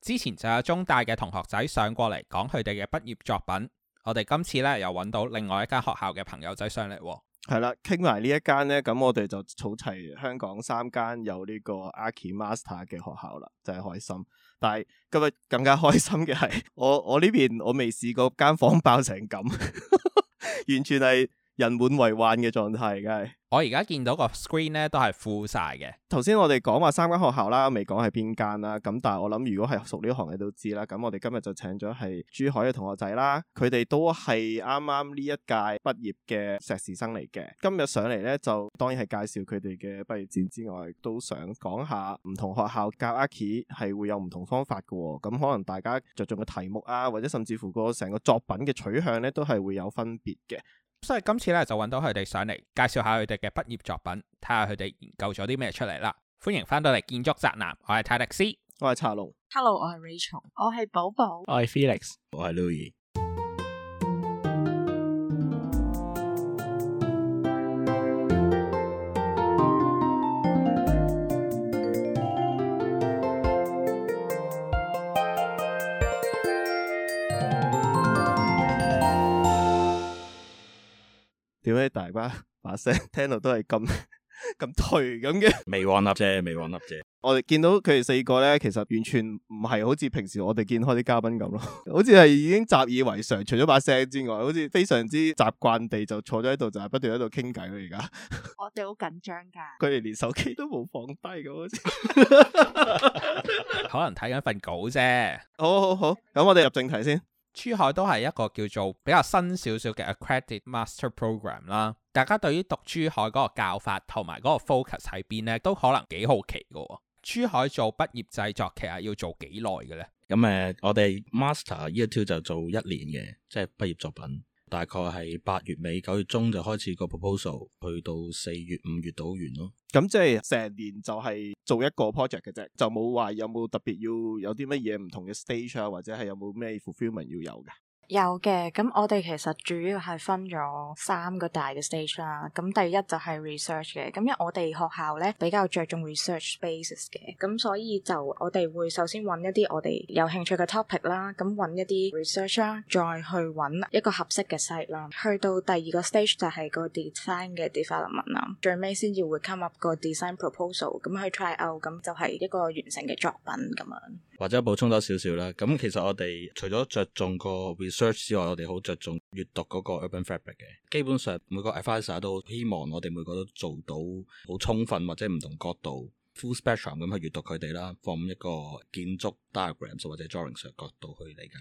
之前就有中大嘅同學仔上過嚟講佢哋嘅畢業作品，我哋今次咧又揾到另外一間學校嘅朋友仔上嚟、哦，係啦，傾埋呢一間呢，咁我哋就儲齊香港三間有呢個 Archi Master 嘅學校啦，真係開心。但係今日更加開心嘅係，我我呢邊我未試過間房爆成咁，完全係。人滿為患嘅狀態，梗係。我而家見到個 screen 咧，都係 full 晒嘅。頭先我哋講話三間學校啦，未講係邊間啦。咁，但係我諗，如果係熟呢行嘅都知啦。咁，我哋今日就請咗係珠海嘅同學仔啦，佢哋都係啱啱呢一屆畢業嘅碩士生嚟嘅。今日上嚟咧，就當然係介紹佢哋嘅畢業展之外，都想講下唔同學校教 Akie 係會有唔同方法嘅、哦。咁可能大家着重嘅題目啊，或者甚至乎個成個作品嘅取向咧，都係會有分別嘅。所以今次咧就揾到佢哋上嚟介紹下佢哋嘅畢業作品，睇下佢哋研究咗啲咩出嚟啦。歡迎翻到嚟建築宅男，我係泰迪斯，我係查龍，Hello，我係 Rachel，我係寶寶，我係 Felix，我係 Louis。點解大家把聲聽到都係咁咁頹咁嘅？未玩粒啫，未玩粒啫。我哋見到佢哋四個咧，其實完全唔係好似平時我哋見開啲嘉賓咁咯，好似係已經習以為常。除咗把聲之外，好似非常之習慣地就坐咗喺度，就係不斷喺度傾偈咯。而家我哋好緊張噶，佢哋連手機都冇放低咁，好似可能睇緊份稿啫。好好好，咁我哋入正題先。珠海都係一個叫做比較新少少嘅 accredited Master Program 啦，大家對於讀珠海嗰個教法同埋嗰個 focus 喺邊咧，都可能幾好奇嘅。珠海做畢業製作其實要做幾耐嘅咧？咁誒，我哋 Master Year Two 就做一年嘅，即係畢業作品。大概係八月尾九月中就開始個 proposal，去到四月五月到完咯。咁即係成年就係做一個 project 嘅啫，就冇話有冇特別要有啲乜嘢唔同嘅 stage 啊，或者係有冇咩 fulfillment 要有嘅。有嘅，咁我哋其實主要係分咗三個大嘅 stage 啦。咁第一就係 research 嘅，咁因為我哋學校咧比較着重 research basis 嘅，咁所以就我哋會首先揾一啲我哋有興趣嘅 topic 啦，咁揾一啲 research 啦，再去揾一個合適嘅 site 啦。去到第二個 stage 就係個 design 嘅 development 啦，最尾先至會 come up 個 design proposal，咁去 try out，咁就係一個完成嘅作品咁樣。或者補充多少少啦，咁其實我哋除咗着重個 research 之外，我哋好着重閱讀嗰個 urban fabric 嘅。基本上每個 advisor 都希望我哋每個都做到好充分或者唔同角度 full spectrum 咁去閱讀佢哋啦，放一個建築 diagrams 或者 drawings 嘅角度去理解。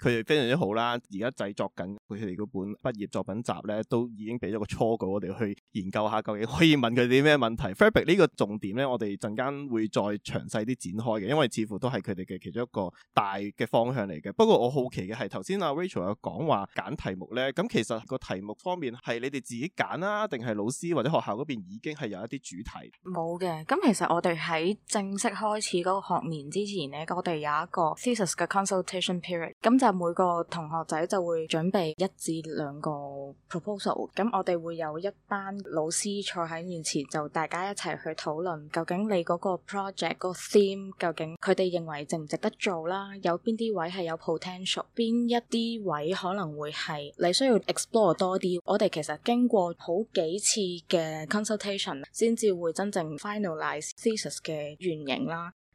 佢哋非常之好啦，而家製作緊佢哋嗰本畢業作品集咧，都已經俾咗個初稿我哋去研究下，究竟可以問佢哋啲咩問題。呢個重點咧，我哋陣間會再詳細啲展開嘅，因為似乎都係佢哋嘅其中一個大嘅方向嚟嘅。不過我好奇嘅係頭先阿 Rachel 有講話揀題目咧，咁其實個題目方面係你哋自己揀啦，定係老師或者學校嗰邊已經係有一啲主題冇嘅？咁其實我哋喺正式開始嗰個學年之前咧，我哋有一個 thesis 嘅 consultation period，咁就。每個同學仔就會準備一至兩個 proposal，咁我哋會有一班老師坐喺面前，就大家一齊去討論，究竟你嗰個 project 嗰個 theme 究竟佢哋認為值唔值得做啦，有邊啲位係有 potential，邊一啲位可能會係你需要 explore 多啲。我哋其實經過好幾次嘅 consultation，先至會真正 finalize thesis 嘅原型啦。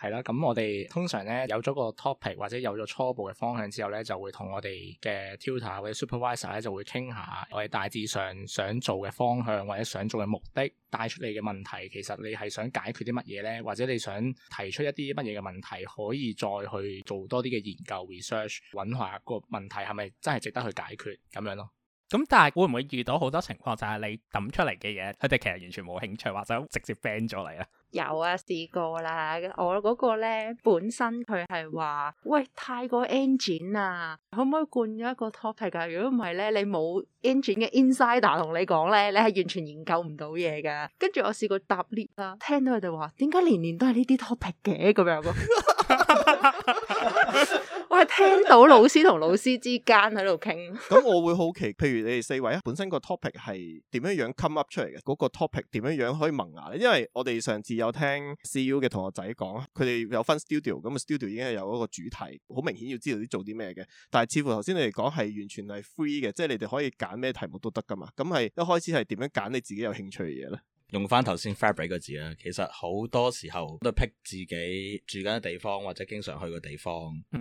係啦，咁我哋通常咧有咗個 topic 或者有咗初步嘅方向之後咧，就會同我哋嘅 tutor 或者 supervisor 咧就會傾下我哋大致上想做嘅方向或者想做嘅目的，帶出嚟嘅問題，其實你係想解決啲乜嘢咧？或者你想提出一啲乜嘢嘅問題，可以再去做多啲嘅研究 research，揾下個問題係咪真係值得去解決咁樣咯？咁但係會唔會遇到好多情況，就係、是、你抌出嚟嘅嘢，佢哋其實完全冇興趣，或者直接 ban 咗你啊？有啊，試過啦。我嗰個咧，本身佢係話喂，太過 engine 啊，可唔可以灌咗一個 topic？啊，如果唔係咧，你冇 engine 嘅 insider 同你講咧，你係完全研究唔到嘢噶。跟住我試過搭 lift 啦，聽到佢哋話點解年年都係呢啲 topic 嘅？咁樣咯，我係聽到老師同老師之間喺度傾。咁我會好奇，譬如你哋四位啊，本身個 topic 係點樣樣 come up 出嚟嘅？嗰個 topic 點樣樣可以萌芽咧？因為我哋上次。有聽 CU 嘅同學仔講，啊，佢哋有分 studio，咁啊 studio 已經係有一個主題，好明顯要知道啲做啲咩嘅。但係似乎頭先你哋講係完全係 free 嘅，即係你哋可以揀咩題目都得噶嘛。咁係一開始係點樣揀你自己有興趣嘅嘢咧？用翻頭先 fabric 個字啦，其實好多時候都 pick 自己住緊嘅地方或者經常去嘅地方，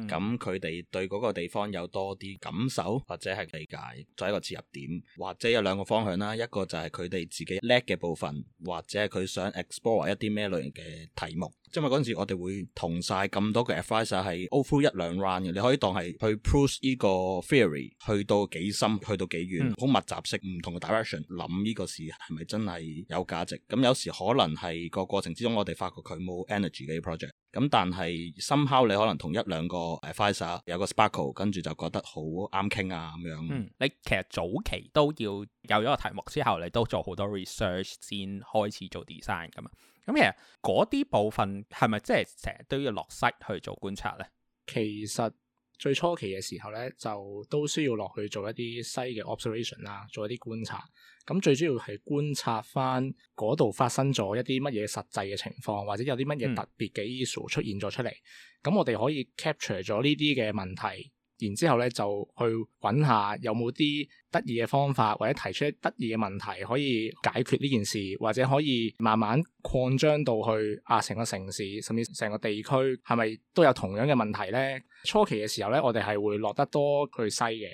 咁佢哋對嗰個地方有多啲感受或者係理解，作一個切入點，或者有兩個方向啦，一個就係佢哋自己叻嘅部分，或者係佢想 explore 一啲咩類型嘅題目。因為嗰陣時我哋會同晒咁多嘅 adviser 係 over 一兩 round 嘅，你可以當係去 prove 呢個 theory 去到幾深，去到幾遠，好、嗯、密集式唔同嘅 direction 諗呢個事係咪真係有價值？咁有時可能係個過程之中，我哋發覺佢冇 energy 嘅 project。咁但係 somehow 你可能同一兩個 adviser 有個 sparkle，跟住就覺得好啱傾啊咁樣、嗯。你其實早期都要有咗個題目之後，你都做好多 research 先開始做 design 咁嘛。咁其實嗰啲部分係咪即係成日都要落西去做觀察咧？其實最初期嘅時候咧，就都需要落去做一啲西嘅 observation 啦，做一啲觀察。咁最主要係觀察翻嗰度發生咗一啲乜嘢實際嘅情況，或者有啲乜嘢特別嘅 issue 出現咗出嚟。咁、嗯、我哋可以 capture 咗呢啲嘅問題。然之後咧，就去揾下有冇啲得意嘅方法，或者提出啲得意嘅問題，可以解決呢件事，或者可以慢慢擴張到去啊成個城市，甚至成個地區，係咪都有同樣嘅問題咧？初期嘅時候咧，我哋係會落得多去西嘅，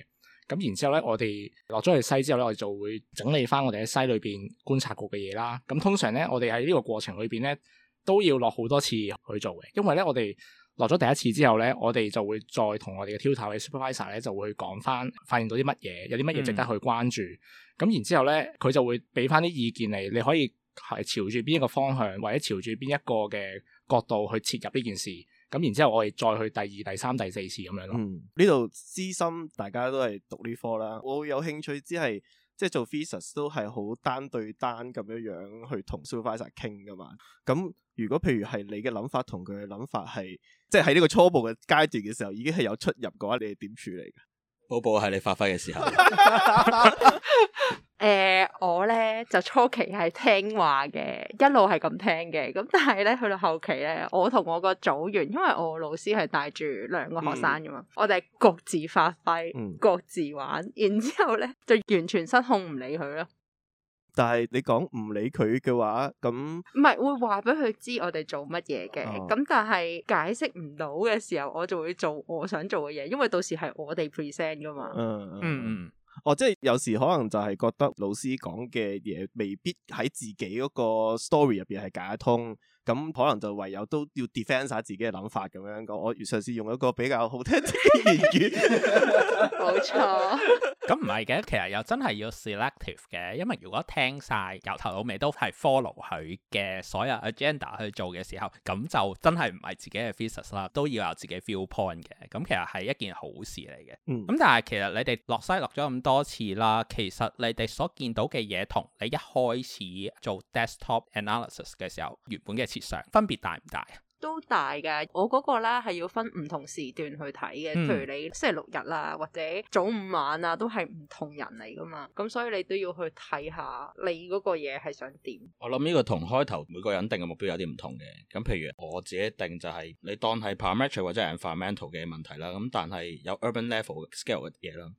咁然之後咧，我哋落咗去西之後咧，我哋就會整理翻我哋喺西裏邊觀察過嘅嘢啦。咁通常咧，我哋喺呢個過程裏邊咧，都要落好多次去做嘅，因為咧我哋。落咗第一次之後咧，我哋就會再同我哋嘅 tutor 嘅 supervisor 咧，就會講翻發現到啲乜嘢，有啲乜嘢值得去關注。咁、嗯、然之後咧，佢就會俾翻啲意見嚟，你可以係朝住邊一個方向，或者朝住邊一個嘅角度去切入呢件事。咁然之後，我哋再去第二、第三、第四次咁樣咯。呢度私心大家都係讀呢科啦，我有興趣只係。即係做 Visas 都係好單對單咁樣樣去同 Supervisor 傾噶嘛，咁如果譬如係你嘅諗法同佢嘅諗法係，即係喺呢個初步嘅階段嘅時候已經係有出入嘅話，你係點處理嘅？寶寶係你發揮嘅時候。誒、 呃，我咧就初期係聽話嘅，一路係咁聽嘅。咁但係咧去到後期咧，我同我個組員，因為我老師係帶住兩個學生噶嘛，嗯、我哋各自發揮、嗯、各自玩。然之後咧就完全失控，唔理佢咯。但係你講唔理佢嘅話，咁唔係會話俾佢知我哋做乜嘢嘅？咁、哦、但係解釋唔到嘅時候，我就會做我想做嘅嘢，因為到時係我哋 present 噶嘛。嗯嗯嗯。嗯哦，即係有時可能就係覺得老師講嘅嘢未必喺自己嗰個 story 入邊係解得通，咁、嗯、可能就唯有都要 defense 下自己嘅諗法咁樣講。我嘗試用一個比較好聽啲嘅語言，冇錯。咁唔係嘅，其實又真係要 selective 嘅，因為如果聽晒由頭到尾都係 follow 佢嘅所有 agenda 去做嘅時候，咁就真係唔係自己嘅 thesis 啦，都要有自己 viewpoint 嘅。咁其實係一件好事嚟嘅。咁、嗯、但係其實你哋落西落咗咁多次啦，其實你哋所見到嘅嘢同你一開始做 desktop analysis 嘅時候原本嘅設想分別大唔大？都大嘅，我嗰個咧，係要分唔同時段去睇嘅，譬如你星期六日啦，啊，或者早午晚啊，都係唔同人嚟噶嘛，咁所以你都要去睇下你嗰個嘢係想點。我諗呢個同開頭每個人定嘅目標有啲唔同嘅，咁譬如我自己定就係、是、你當係 parametric 或者係 environmental 嘅問題啦，咁但係有 urban level scale 嘅嘢啦。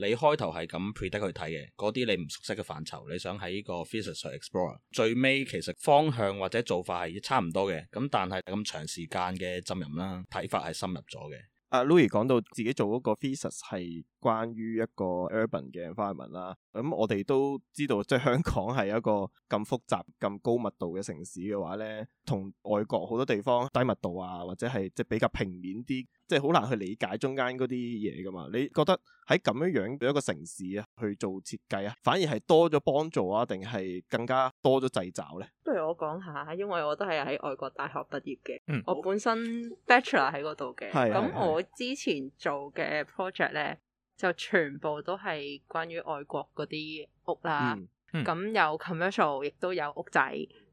你開頭係咁 predict 去睇嘅，嗰啲你唔熟悉嘅範疇，你想喺個 thesis 上 explore，最尾其實方向或者做法係差唔多嘅，咁但係咁長時間嘅浸淫啦，睇法係深入咗嘅。阿、啊、Louis 講到自己做嗰個 thesis 係關於一個 urban 嘅 environment 啦、啊，咁、嗯、我哋都知道，即係香港係一個咁複雜、咁高密度嘅城市嘅話咧，同外國好多地方低密度啊，或者係即係比較平面啲，即係好難去理解中間嗰啲嘢㗎嘛。你覺得喺咁樣樣嘅一個城市啊，去做設計啊，反而係多咗幫助啊，定係更加多咗掣肘咧？不如我講下，因為我都係喺外國大學畢業嘅，嗯、我本身 bachelor 喺嗰度嘅，咁是的 我之前做嘅 project 咧。就全部都係關於外國嗰啲屋啦，咁、嗯嗯、有 commercial 亦都有屋仔，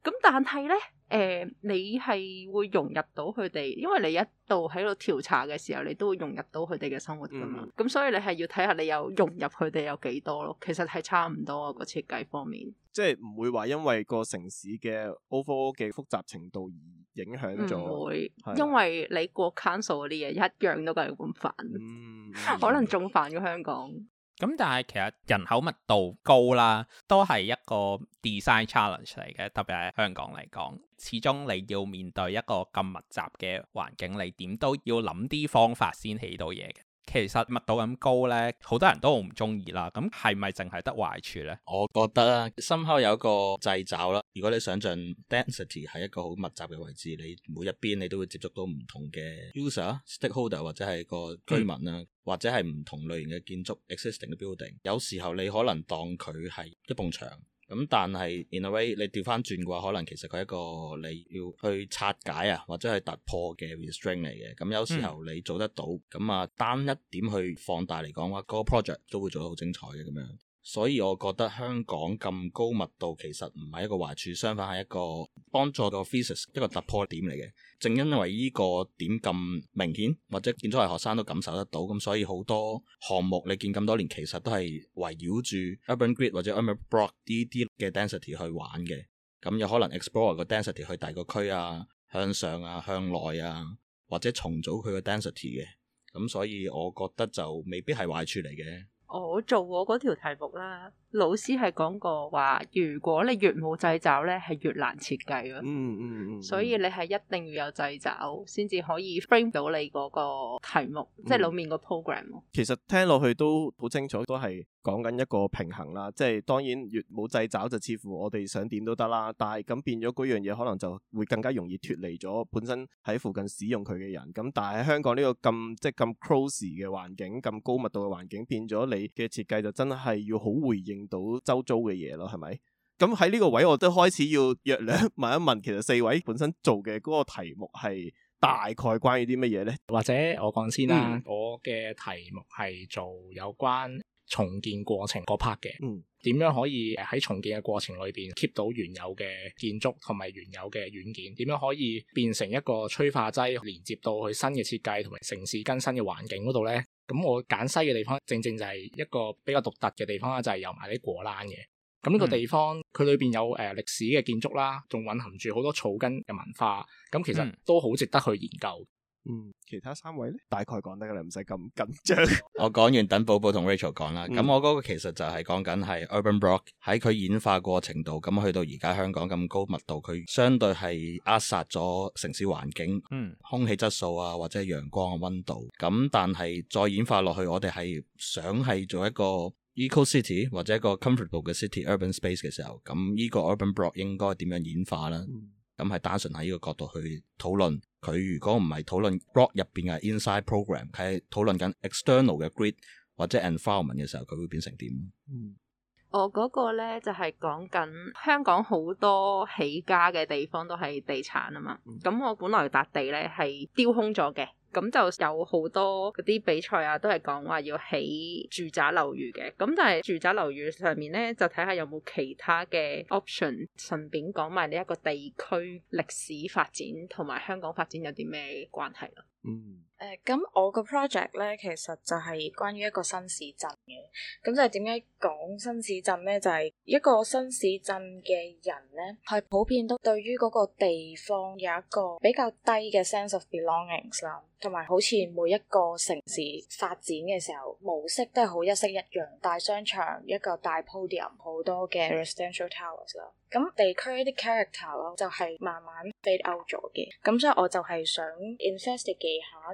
咁但係咧，誒、呃，你係會融入到佢哋，因為你一度喺度調查嘅時候，你都會融入到佢哋嘅生活噶嘛，咁、嗯、所以你係要睇下你有融入佢哋有幾多咯，其實係差唔多啊，個設計方面，即係唔會話因為個城市嘅 overall 嘅複雜程度而。影響咗，會是因為你過 council 嗰啲嘢一樣都係咁煩，嗯、可能仲煩過香港。咁、嗯、但係其實人口密度高啦，都係一個 design challenge 嚟嘅，特別喺香港嚟講，始終你要面對一個咁密集嘅環境，你點都要諗啲方法先起到嘢嘅。其實密度咁高呢，好多人都好唔中意啦。咁係咪淨係得壞處呢？我覺得啦，深口有個掣肘啦。如果你想象 density 係一個好密集嘅位置，你每一邊你都會接觸到唔同嘅 user、stakeholder 或者係個居民啊，嗯、或者係唔同類型嘅建築 existing 嘅 building。有時候你可能當佢係一埲牆。咁但係 in a way，你調翻轉嘅話，可能其實佢一個你要去拆解啊，或者係突破嘅 restraint 嚟嘅。咁有時候你做得到，咁啊、嗯、單一點去放大嚟講嘅話，嗰個 project 都會做得好精彩嘅咁樣。所以我覺得香港咁高密度其實唔係一個壞處，相反係一個幫助到 physics 一個突破點嚟嘅。正因為依個點咁明顯，或者建築系學生都感受得到，咁所以好多項目你見咁多年，其實都係圍繞住 urban grid 或者 urban block 呢啲嘅 density 去玩嘅。咁有可能 explore 個 density 去第二個區啊，向上啊，向內啊，或者重組佢個 density 嘅。咁所以我覺得就未必係壞處嚟嘅。我做過嗰條題目啦，老師係講過話，如果你越冇掣肘咧，係越難設計咯。嗯嗯嗯，所以你係一定要有掣肘，先至可以 frame 到你嗰個題目，嗯、即係裏面個 program。其實聽落去都好清楚，都係。講緊一個平衡啦，即係當然越冇掣肘就似乎我哋想點都得啦，但係咁變咗嗰樣嘢可能就會更加容易脫離咗本身喺附近使用佢嘅人。咁但係香港呢個咁即係咁 close 嘅環境，咁高密度嘅環境變咗你嘅設計就真係要好回應到周遭嘅嘢咯，係咪？咁喺呢個位我都開始要約兩問一問，其實四位本身做嘅嗰個題目係大概關於啲乜嘢呢？或者我講先啦，嗯，我嘅題目係做有關。重建過程個 part 嘅，點、嗯、樣可以喺重建嘅過程裏邊 keep 到原有嘅建築同埋原有嘅軟件？點樣可以變成一個催化劑，連接到佢新嘅設計同埋城市更新嘅環境嗰度呢？咁我揀西嘅地方，正正就係一個比較獨特嘅地方啊，就係有埋啲果欄嘅。咁呢個地方佢裏邊有誒歷、呃、史嘅建築啦，仲混合住好多草根嘅文化，咁其實都好值得去研究。嗯，其他三位咧，大概講得嘅，你唔使咁緊張。 我講完，等寶寶同 Rachel 講啦。咁、嗯、我嗰個其實就係講緊係 urban block 喺佢演化過程度，咁去到而家香港咁高密度，佢相對係扼殺咗城市環境、嗯、空氣質素啊，或者陽光嘅溫度。咁但係再演化落去，我哋係想係做一個 eco city 或者一個 comfortable 嘅 city urban space 嘅時候，咁呢個 urban block 應該點樣演化啦？嗯咁係單純喺呢個角度去討論，佢如果唔係討論 block 入邊嘅 inside program，佢係討論緊 external 嘅 grid 或者 environment 嘅時候，佢會變成點？嗯， 我嗰個咧就係講緊香港好多起家嘅地方都係地產啊嘛。咁我本來笪地咧係丟空咗嘅。咁就有好多嗰啲比賽啊，都係講話要起住宅樓宇嘅。咁但係住宅樓宇上面呢，就睇下有冇其他嘅 option。順便講埋呢一個地區歷史發展同埋香港發展有啲咩關係咯，啊。嗯。誒，咁、uh, 我個 project 咧，其實就係關於一個新市鎮嘅。咁就係點解講新市鎮咧？就係、是、一個新市鎮嘅人咧，係普遍都對於個地方有一個比較低嘅 sense of belongings 啦，同埋好似每一個城市發展嘅時候模式都係好一式一樣，大商場一個大 podium，好多嘅 residential towers 啦，咁地區啲 character 啦，就係慢慢 fade out 咗嘅。咁所以我就係想 investigate 下。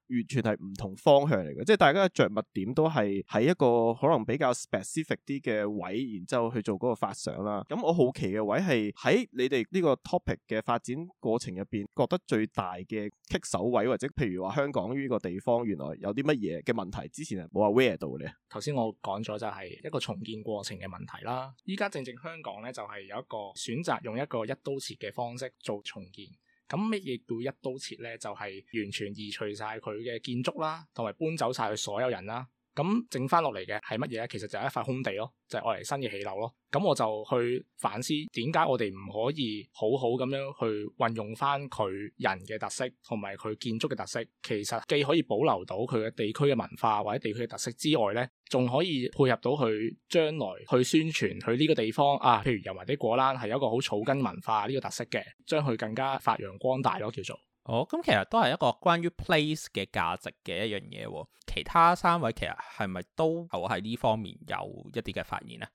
完全係唔同方向嚟嘅，即係大家嘅著墨點都係喺一個可能比較 specific 啲嘅位，然之後去做嗰個發想啦。咁我好奇嘅位係喺你哋呢個 topic 嘅發展過程入邊，覺得最大嘅棘手位，或者譬如話香港呢個地方，原來有啲乜嘢嘅問題？之前係冇話 aware 到嘅。頭先我講咗就係一個重建過程嘅問題啦。依家正正香港咧，就係、是、有一個選擇用一個一刀切嘅方式做重建。咁乜嘢叫一刀切咧？就係完全移除曬佢嘅建築啦，同埋搬走曬佢所有人啦。咁整翻落嚟嘅係乜嘢？其實就係一塊空地咯，就係愛嚟新嘅起樓咯。咁我就去反思點解我哋唔可以好好咁樣去運用翻佢人嘅特色同埋佢建築嘅特色，其實既可以保留到佢嘅地區嘅文化或者地區嘅特色之外呢，仲可以配合到佢將來去宣傳佢呢個地方啊，譬如油麻地果欄係有一個好草根文化呢個特色嘅，將佢更加發揚光大咯，叫做。哦，咁其實都係一個關於 place 嘅價值嘅一樣嘢，哦。其他三位其實係咪都有喺呢方面有一啲嘅發現呢啊？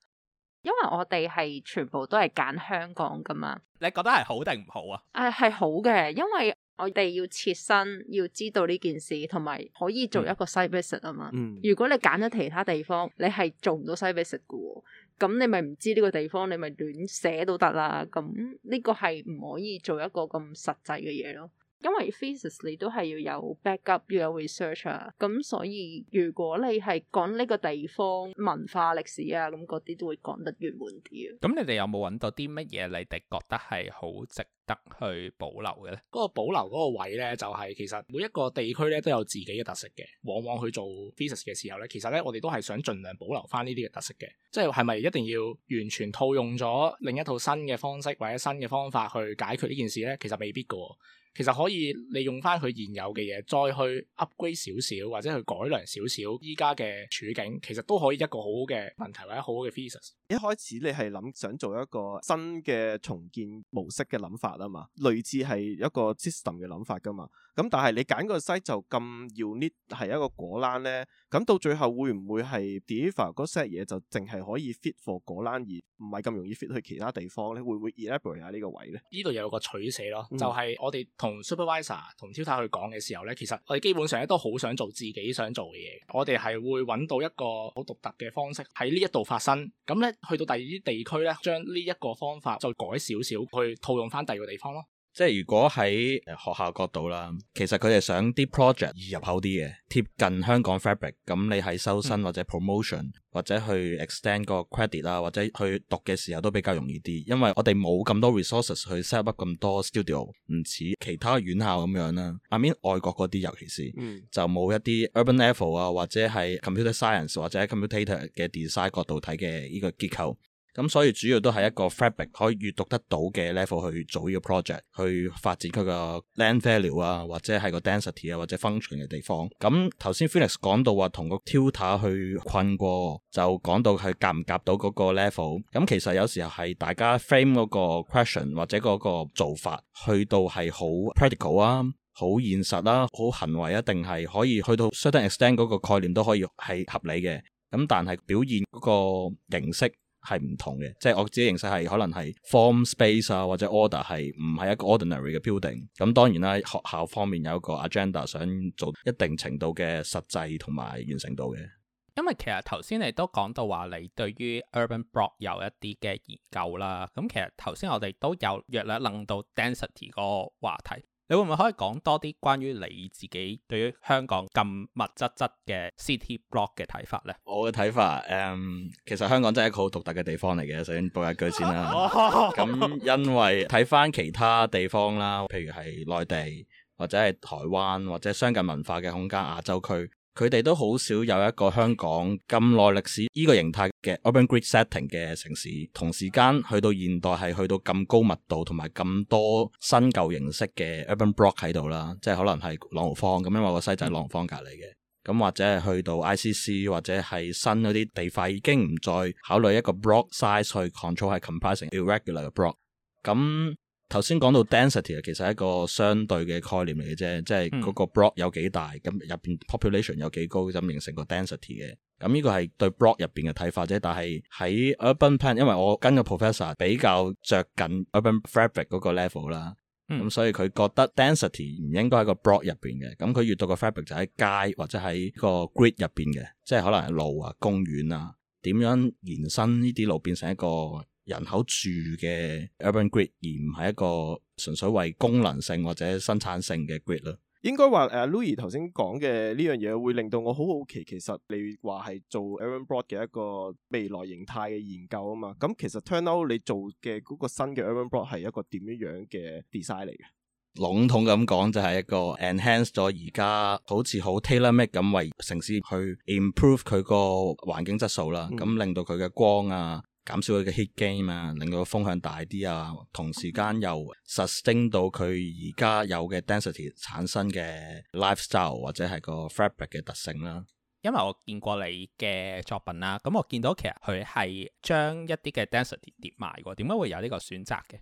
因為我哋係全部都係揀香港噶嘛。你覺得係好定唔好啊？誒，係好嘅，因為我哋要切身要知道呢件事，同埋可以做一個 site visit 啊嘛。嗯。如果你揀咗其他地方，你係做唔到 site visit 嘅，咁你咪唔知呢個地方，你咪亂寫都得啦。咁呢個係唔可以做一個咁實際嘅嘢咯。因為 thesis 你都係要有 backup 要有 research 啊，咁所以如果你係講呢個地方文化歷史啊咁嗰啲都會講得圓滿啲啊。咁你哋有冇揾到啲乜嘢？你哋覺得係好值得去保留嘅呢？嗰個保留嗰個位呢，就係、是、其實每一個地區咧都有自己嘅特色嘅。往往去做 thesis 嘅時候呢，其實呢，我哋都係想盡量保留翻呢啲嘅特色嘅。即係係咪一定要完全套用咗另一套新嘅方式或者新嘅方法去解決呢件事呢？其實未必噶。其實可以利用翻佢現有嘅嘢，再去 upgrade 少少，或者去改良少少依家嘅處境，其實都可以一個好好嘅問題或者好好嘅 thesis。一開始你係諗想，想做一個新嘅重建模式嘅諗法啊嘛，類似係一個 system 嘅諗法㗎嘛。咁但係你揀個 site 就咁要 unique 係一個果欄咧，咁到最後會唔會係 different 嗰 set 嘢就淨係可以 fit for 果欄而唔係咁容易 fit 去其他地方咧？會唔會 elaborate 下呢個位咧？呢度有個取捨咯，嗯、就係我哋同 supervisor 同 tutor、嗯、去講嘅時候咧，其實我哋基本上咧都好想做自己想做嘅嘢，我哋係會揾到一個好獨特嘅方式喺呢一度發生，咁咧去到第二啲地區咧，將呢一個方法就改少少去套用翻第二個地方咯。即係如果喺、呃、學校角度啦其實佢哋想啲 project 易入口啲嘅貼近香港 fabric 咁你喺收生或者 promotion 或者去 extend 個 credit 啊或者去讀嘅時候都比較容易啲因為我哋冇咁多 resources 去 set up 咁多 studio 唔似其他院校咁樣啦阿面外國啲尤其是,尤其是嗯就冇一啲 urban level 啊或者係 computer science 或者喺 computer 嘅 design 角度睇嘅呢個結構咁、嗯、所以主要都係一個 fabric 可以閲讀得到嘅 level 去做呢個 project，去發展佢個 land value 啊，或者係個 density 啊，或者 function 嘅地方。咁、嗯、頭先 Felix 講到話同個 tutor 去困過，就講到佢夾唔夾到嗰個 level。咁、嗯、其實有時候係大家 frame 嗰個 question 或者嗰個做法，去到係好 practical 啊、好現實啦、啊、好行為一、啊、定係可以去到 certain extent 嗰個概念都可以係合理嘅。咁、嗯、但係表現嗰個形式。係唔同嘅，即係我自己認識係可能係 form space 啊，或者 order 係唔係一個 ordinary 嘅 building。咁當然啦，學校方面有一個 agenda 想做一定程度嘅實際同埋完成度嘅。因為其實頭先你都講到話你對於 urban block 有一啲嘅研究啦。咁其實頭先我哋都有約略諗到 density 嗰個話題。你會唔會可以講多啲關於你自己對於香港咁密雜雜嘅 city block 嘅睇法呢？我嘅睇法，誒、嗯，其實香港真係一個好獨特嘅地方嚟嘅，首先報一句先啦。咁 因為睇返其他地方啦，譬如係內地或者係台灣或者相近文化嘅空間，亞洲區。佢哋都好少有一個香港咁耐歷史依個形態嘅 urban grid setting 嘅城市，同時間去到現代係去到咁高密度同埋咁多新舊形式嘅 urban block 喺度啦，即係可能係朗豪坊咁，因為個西仔朗豪坊隔離嘅，咁或者係去到 ICC 或者係新嗰啲地塊已經唔再考慮一個 block size 去 control 係 comprising irregular block 咁。頭先講到 density 其實係一個相對嘅概念嚟嘅啫，即係嗰個 block 有幾大，咁入邊 population 有幾高，咁形成個 density 嘅。咁呢個係對 block 入邊嘅睇法啫。但係喺 urban plan，因為我跟個 professor 比較着緊 urban fabric 嗰個 level 啦，咁所以佢覺得 density 唔應該喺個 block 入邊嘅。咁佢讀到個 fabric 就喺街或者喺個 grid 入邊嘅，即係可能係路啊、公園啊，點樣延伸呢啲路變成一個人口住嘅 urban grid，而唔係一個純粹為功能性或者生產性嘅 grid 咯。應該話誒，Lui 頭先講嘅呢樣嘢會令到我好好奇。其實你話係做 urban block 嘅一個未來形態嘅研究啊嘛。咁其實 turn out 你做嘅嗰個新嘅 urban block 係一個點樣樣嘅 design 嚟嘅？籠統咁講就係一個 enhance 咗而家好似好 tailor made 咁，為城市去 improve 佢個環境質素啦。咁、嗯、令到佢嘅光啊～減少佢嘅 heat gain 啊，令到個風向大啲啊，同時間又 sustain 到佢而家有嘅 density 產生嘅 lifestyle 或者係個 fabric 嘅特性啦。因為我見過你嘅作品啦，咁我見到其實佢係將一啲嘅 density 疊埋，點解會有呢個選擇嘅？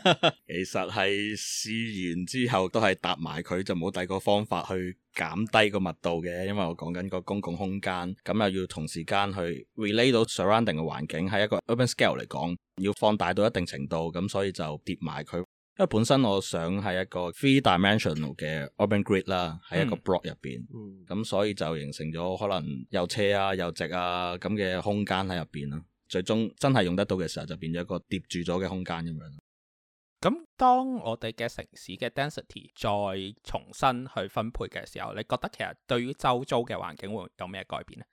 其實係試完之後都係搭埋佢，就冇第二個方法去減低個密度嘅。因為我講緊個公共空間，咁又要同時間去 relate 到 surrounding 嘅環境，喺一個 open scale 嚟講，要放大到一定程度，咁所以就疊埋佢。因為本身我想係一個 three-dimensional 嘅 urban grid 啦、嗯，喺一個 block 入邊，咁、嗯、所以就形成咗可能有斜啊、有直啊咁嘅空間喺入邊啦。最終真係用得到嘅時候，就變咗一個疊住咗嘅空間咁樣。咁、嗯、當我哋嘅城市嘅 density 再重新去分配嘅時候，你覺得其實對於周遭嘅環境會有咩改變咧？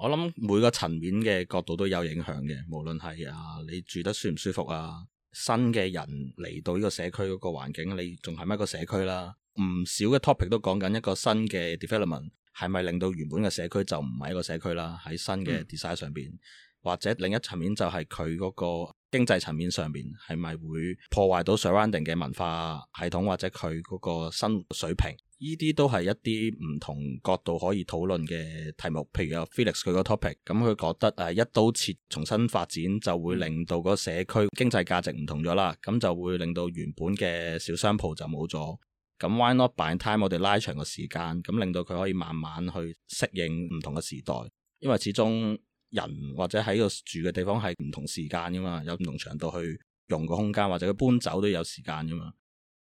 我諗每個層面嘅角度都有影響嘅，無論係啊你住得舒唔舒服啊。新嘅人嚟到呢個社區嗰個環境，你仲係咪一個社區啦？唔少嘅 topic 都講緊一個新嘅 development 係咪令到原本嘅社區就唔係一個社區啦？喺新嘅 design 上邊，嗯、或者另一層面就係佢嗰個經濟層面上面，係咪會破壞到 surrounding 嘅文化系統或者佢嗰個生活水平？呢啲都係一啲唔同角度可以討論嘅題目，譬如啊，Felix 佢個 topic，咁佢覺得誒一刀切重新發展就會令到個社區經濟價值唔同咗啦，咁就會令到原本嘅小商鋪就冇咗。咁 Why not buy time？我哋拉長個時間，咁令到佢可以慢慢去適應唔同嘅時代，因為始終人或者喺個住嘅地方係唔同時間噶嘛，有唔同長度去用個空間，或者佢搬走都有時間噶嘛。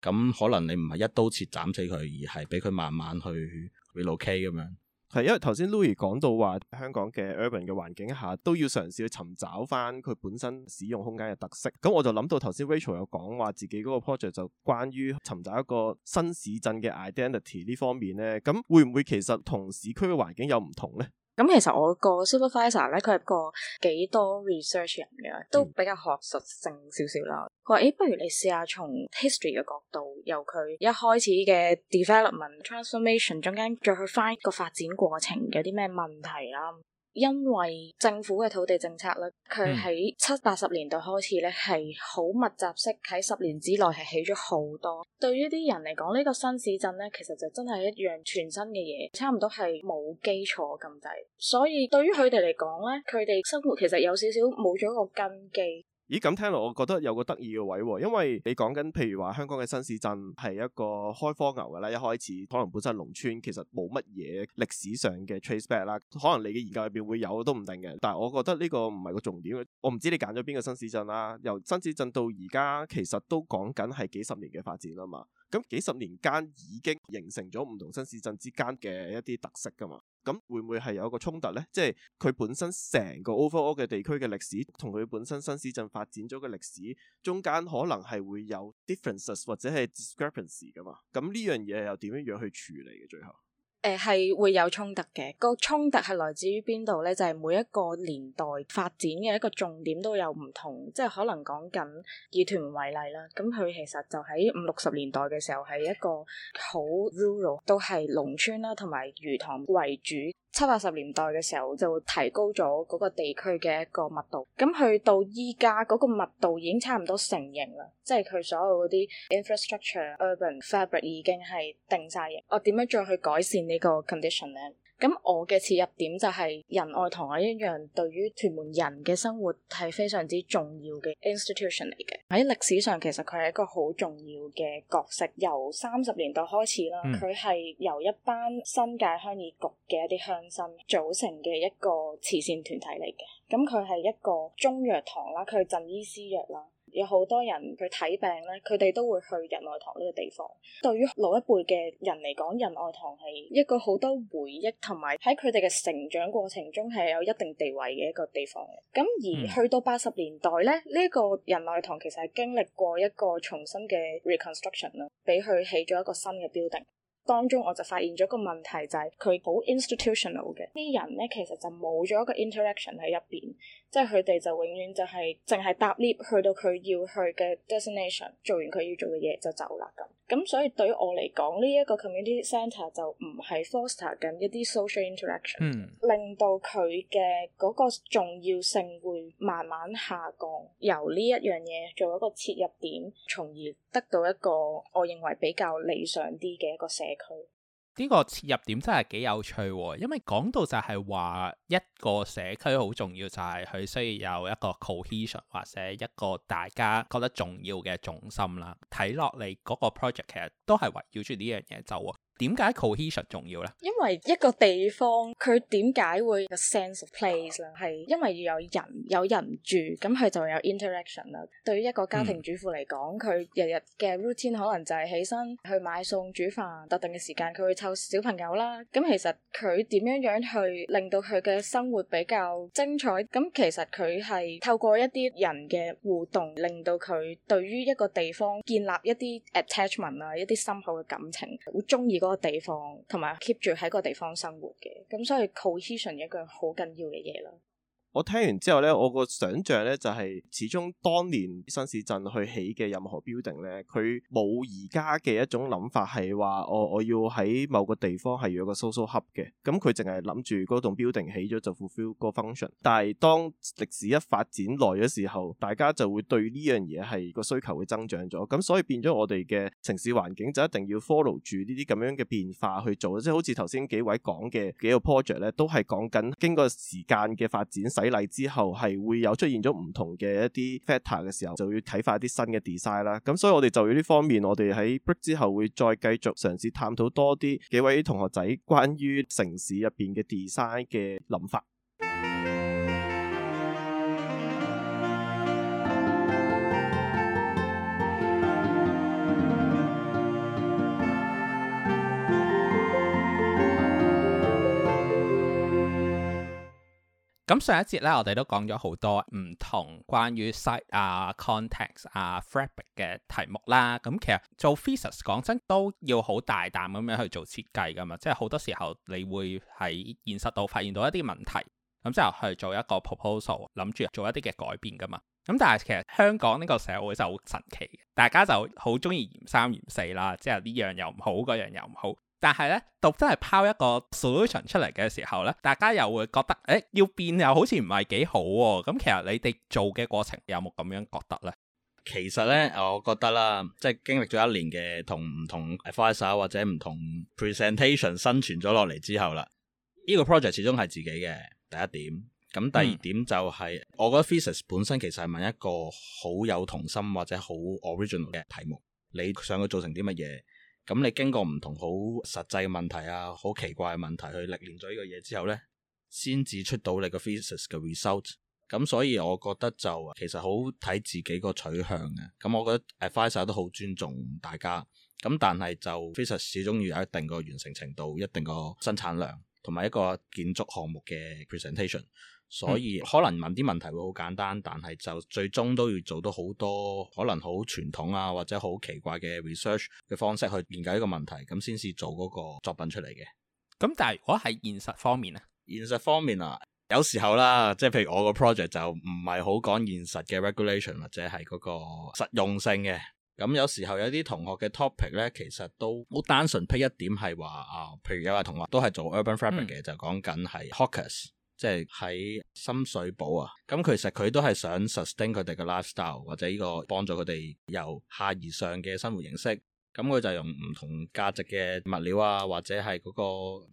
咁可能你唔係一刀切斬死佢，而係俾佢慢慢去 relocate 咁樣。係，因為頭先 Louis 講到話香港嘅 urban 嘅環境下，都要嘗試去尋找翻佢本身使用空間嘅特色。咁我就諗到頭先 Rachel 有講話自己嗰個 project 就關於尋找一個新市鎮嘅 identity 呢方面咧。咁會唔會其實同市區嘅環境有唔同咧？咁其實我個 supervisor 咧，佢係個幾多 research 人嘅，都比較學術性少少啦。佢話誒，不如你試下從 history 嘅角度，由佢一開始嘅 development、transformation 中間再去 find 個發展過程有啲咩問題啦。因為政府嘅土地政策咧，佢喺七八十年代開始咧係好密集式，喺十年之內係起咗好多。對於啲人嚟講，呢個新市鎮咧其實就真係一樣全新嘅嘢，差唔多係冇基礎咁滯。所以對於佢哋嚟講咧，佢哋生活其實有少少冇咗個根基。咦，咁聽落，我覺得有個得意嘅位喎、哦，因為你講緊譬如話香港嘅新市鎮係一個開荒牛嘅咧，一開始可能本身農村其實冇乜嘢歷史上嘅 traceback 啦，可能你嘅研究入邊會有都唔定嘅，但係我覺得呢個唔係個重點。我唔知你揀咗邊個新市鎮啦，由新市鎮到而家其實都講緊係幾十年嘅發展啊嘛。咁幾十年間已經形成咗唔同新市鎮之間嘅一啲特色噶嘛，咁會唔會係有一個衝突呢？即係佢本身成個 overall 嘅地區嘅歷史，同佢本身新市鎮發展咗嘅歷史中間，可能係會有 differences 或者係 discrepancy 噶嘛。咁呢樣嘢又點樣樣去處理嘅最後？誒係、呃、會有衝突嘅，個衝突係來自於邊度呢？就係、是、每一個年代發展嘅一個重點都有唔同，即係可能講緊以屯門為例啦。咁佢其實就喺五六十年代嘅時候係一個好 rural，都係農村啦，同埋魚塘為主。七八十年代嘅時候就提高咗嗰個地區嘅一個密度，咁去到依家嗰個密度已經差唔多成型啦，即係佢所有嗰啲 infrastructure urban fabric 已經係定晒型，我點樣再去改善呢個 condition 咧？咁我嘅切入點就係仁愛同我一樣，對於屯門人嘅生活係非常之重要嘅 institution 嚟嘅。喺歷史上其實佢係一個好重要嘅角色，由三十年代開始啦，佢係、嗯、由一班新界鄉議局嘅一啲鄉紳組成嘅一個慈善團體嚟嘅。咁佢係一個中藥堂啦，佢係贈醫施藥啦。有好多人去睇病咧，佢哋都會去仁愛堂呢個地方。對於老一輩嘅人嚟講，仁愛堂係一個好多回憶同埋喺佢哋嘅成長過程中係有一定地位嘅一個地方。咁而去到八十年代咧，呢個仁愛堂其實係經歷過一個重新嘅 reconstruction 啦，俾佢起咗一個新嘅 building。當中我就發現咗個問題，就是，就係佢好 institutional 嘅，啲人呢，其實就冇咗一個 interaction 喺入邊，即係佢哋就永遠就係淨係搭 lift 去到佢要去嘅 destination，做完佢要做嘅嘢就走啦咁。咁所以對於我嚟講，呢一個 community center 就唔係 foster 緊一啲 social interaction，嗯，令到佢嘅嗰個重要性會慢慢下降，由呢一樣嘢做一個切入點，從而得到一個我認為比較理想啲嘅一個社區。呢個切入點真係幾有趣，因為講到就係話一個社區好重要，就係、是、佢需要有一個 cohesion 或者一個大家覺得重要嘅重心啦。睇落嚟嗰個 project 其實都係圍繞住呢樣嘢就。點解 cohesion 重要咧？因為一個地方佢點解會有個 sense of place 啦，係因為要有人有人住，咁佢就會有 interaction 啦。對於一個家庭主婦嚟講，佢日日、嗯、嘅 routine 可能就係起身去買餸、煮飯，特定嘅時間，佢會湊小朋友啦。咁其實佢點樣樣去令到佢嘅生活比較精彩？咁其實佢係透過一啲人嘅互動令到佢對於一個地方建立一啲 attachment 啊，一啲深厚嘅感情，好中意個。個地方同埋 keep 住喺個地方生活嘅，咁所以 cohesion 一個好緊要嘅嘢啦。我聽完之後咧，我個想像咧就係、是、始終當年新市鎮去起嘅任何 building 咧，佢冇而家嘅一種諗法係話、哦，我我要喺某個地方係有個 social hub 嘅，咁佢淨係諗住嗰棟 building 起咗就 fulfill 個 function。但係當歷史一發展耐咗時候，大家就會對呢樣嘢係個需求會增長咗，咁、嗯、所以變咗我哋嘅城市環境就一定要 follow 住呢啲咁樣嘅變化去做，即係好似頭先幾位講嘅幾個 project 咧，都係講緊經過時間嘅發展睇嚟之後係會有出現咗唔同嘅一啲 factor 嘅時候，就要睇返一啲新嘅 design 啦。咁所以我哋就要呢方面，我哋喺 break 之後會再繼續嘗試探討多啲幾位同學仔關於城市入邊嘅 design 嘅諗法。咁上一節咧，我哋都講咗好多唔同關於 site 啊、context 啊、fabric 嘅題目啦。咁其實做 thesis 講真都要好大膽咁樣去做設計㗎嘛。即係好多時候你會喺現實度發現到一啲問題，咁之後去做一個 proposal，諗住做一啲嘅改變㗎嘛。咁但係其實香港呢個社會就好神奇，大家就好鍾意嫌三嫌四啦，即係呢樣又唔好，嗰樣又唔好。但係咧，到真係拋一個 solution 出嚟嘅時候咧，大家又會覺得，誒、欸，要變又好似唔係幾好喎、哦。咁其實你哋做嘅過程有冇咁樣覺得咧？其實咧，我覺得啦，即係經歷咗一年嘅同唔同 fiser 或者唔同 presentation 生存咗落嚟之後啦，呢、這個 project 始終係自己嘅第一點。咁第二點就係、是，嗯、我覺得 thesis 本身其實係問一個好有童心或者好 original 嘅題目，你想佢做成啲乜嘢？咁你經過唔同好實際問題啊，好奇怪嘅問題去歷練咗呢個嘢之後呢，先至出到你個 thesis 嘅 result。咁所以我覺得就其實好睇自己個取向嘅。咁我覺得誒 advisor 都好尊重大家。咁但係就 thesis 始終要有一定個完成程度、一定個生產量同埋一個建築項目嘅 presentation。所以可能問啲問題會好簡單，但係就最終都要做到好多可能好傳統啊或者好奇怪嘅 research 嘅方式去研究呢個問題，咁先至做嗰個作品出嚟嘅。咁、嗯、但係如果係現實方面咧，現實方面啊，有時候啦，即係譬如我個 project 就唔係好講現實嘅 regulation 或者係嗰個實用性嘅。咁有時候有啲同學嘅 topic 咧，其實都好單純辟一點係話啊，譬如有位同學都係做 urban fabric 嘅，嗯、就講緊係 hawker 即係喺深水埗啊，咁其實佢都係想 sustain 佢哋嘅 lifestyle 或者呢個幫助佢哋由下而上嘅生活形式，咁佢就用唔同價值嘅物料啊，或者係嗰個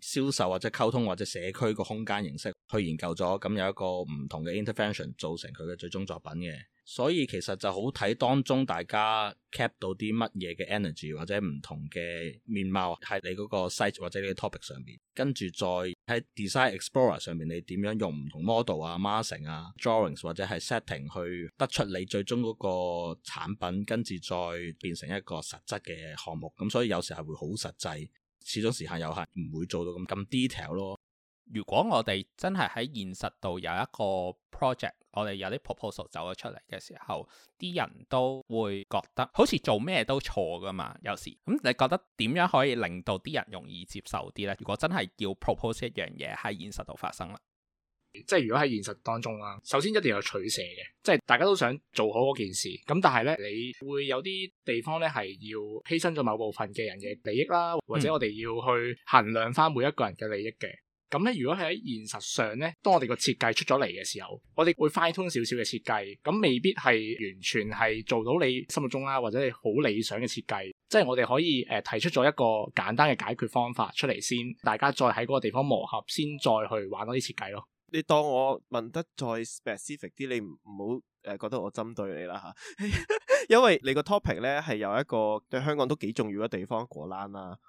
銷售或者溝通或者社區個空間形式去研究咗，咁有一個唔同嘅 intervention 造成佢嘅最終作品嘅。所以其實就好睇當中大家 cap 到啲乜嘢嘅 energy 或者唔同嘅面貌，喺你嗰個 site 或者你 topic 上邊，跟住再喺 design explorer 上面，上面你點樣用唔同 model 啊、masking 啊、drawings 或者係 setting 去得出你最終嗰個產品，跟住再變成一個實質嘅項目。咁所以有時係會好實際，始終時間有限，唔會做到咁咁 detail 咯。如果我哋真係喺現實度有一個 project，我哋有啲 proposal 走咗出嚟嘅時候，啲人都會覺得好似做咩都錯噶嘛。有時咁，你覺得點樣可以令到啲人容易接受啲呢？如果真係要 propose 一樣嘢喺現實度發生啦，即係如果喺現實當中啦，首先一定要取捨嘅，即係大家都想做好嗰件事咁，但係呢，你會有啲地方呢係要犧牲咗某部分嘅人嘅利益啦，或者我哋要去衡量翻每一個人嘅利益嘅。咁咧，如果係喺現實上咧，當我哋個設計出咗嚟嘅時候，我哋會 fine tune 少少嘅設計，咁未必係完全係做到你心目中啦、啊，或者你好理想嘅設計。即係我哋可以誒、呃、提出咗一個簡單嘅解決方法出嚟先，大家再喺嗰個地方磨合，先再去玩多啲設計咯。你當我問得再 specific 啲，你唔好誒覺得我針對你啦嚇， 因為你個 topic 咧係有一個對香港都幾重要嘅地方，果欄啦、啊。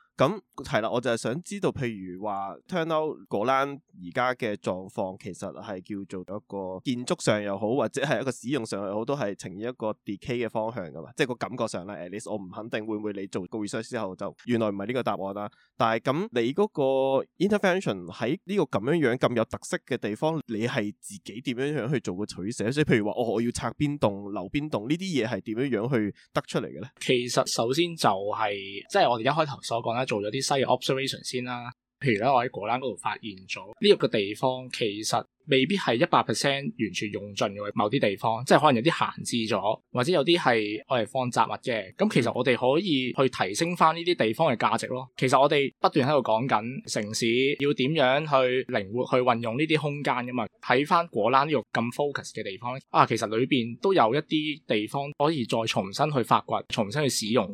咁係啦，我就係想知道，譬如話 Turnout 嗰欄而家嘅狀況，其實係叫做一個建築上又好，或者係一個使用上又好，都係呈現一個 decay 嘅方向㗎嘛。即係個感覺上啦，誒，你我唔肯定會唔會你做個 research 之後就原來唔係呢個答案啦。但係咁你嗰個 intervention 喺呢個咁樣樣咁有特色嘅地方，你係自己點樣樣去做個取捨？即係譬如話，我、哦、我要拆邊棟留邊棟，呢啲嘢係點樣樣去得出嚟嘅咧？其實首先就係、係、即係我哋一開頭所講啦。做咗啲新嘅 observation 先啦，譬如咧我喺果欄嗰度發現咗呢、這個嘅地方，其實未必係一百 percent 完全用盡嘅某啲地方，即係可能有啲閒置咗，或者有啲係我哋放雜物嘅。咁其實我哋可以去提升翻呢啲地方嘅價值咯。其實我哋不斷喺度講緊城市要點樣去靈活去運用呢啲空間噶嘛。睇翻果欄呢個咁 focus 嘅地方咧，啊，其實裏邊都有一啲地方可以再重新去發掘、重新去使用。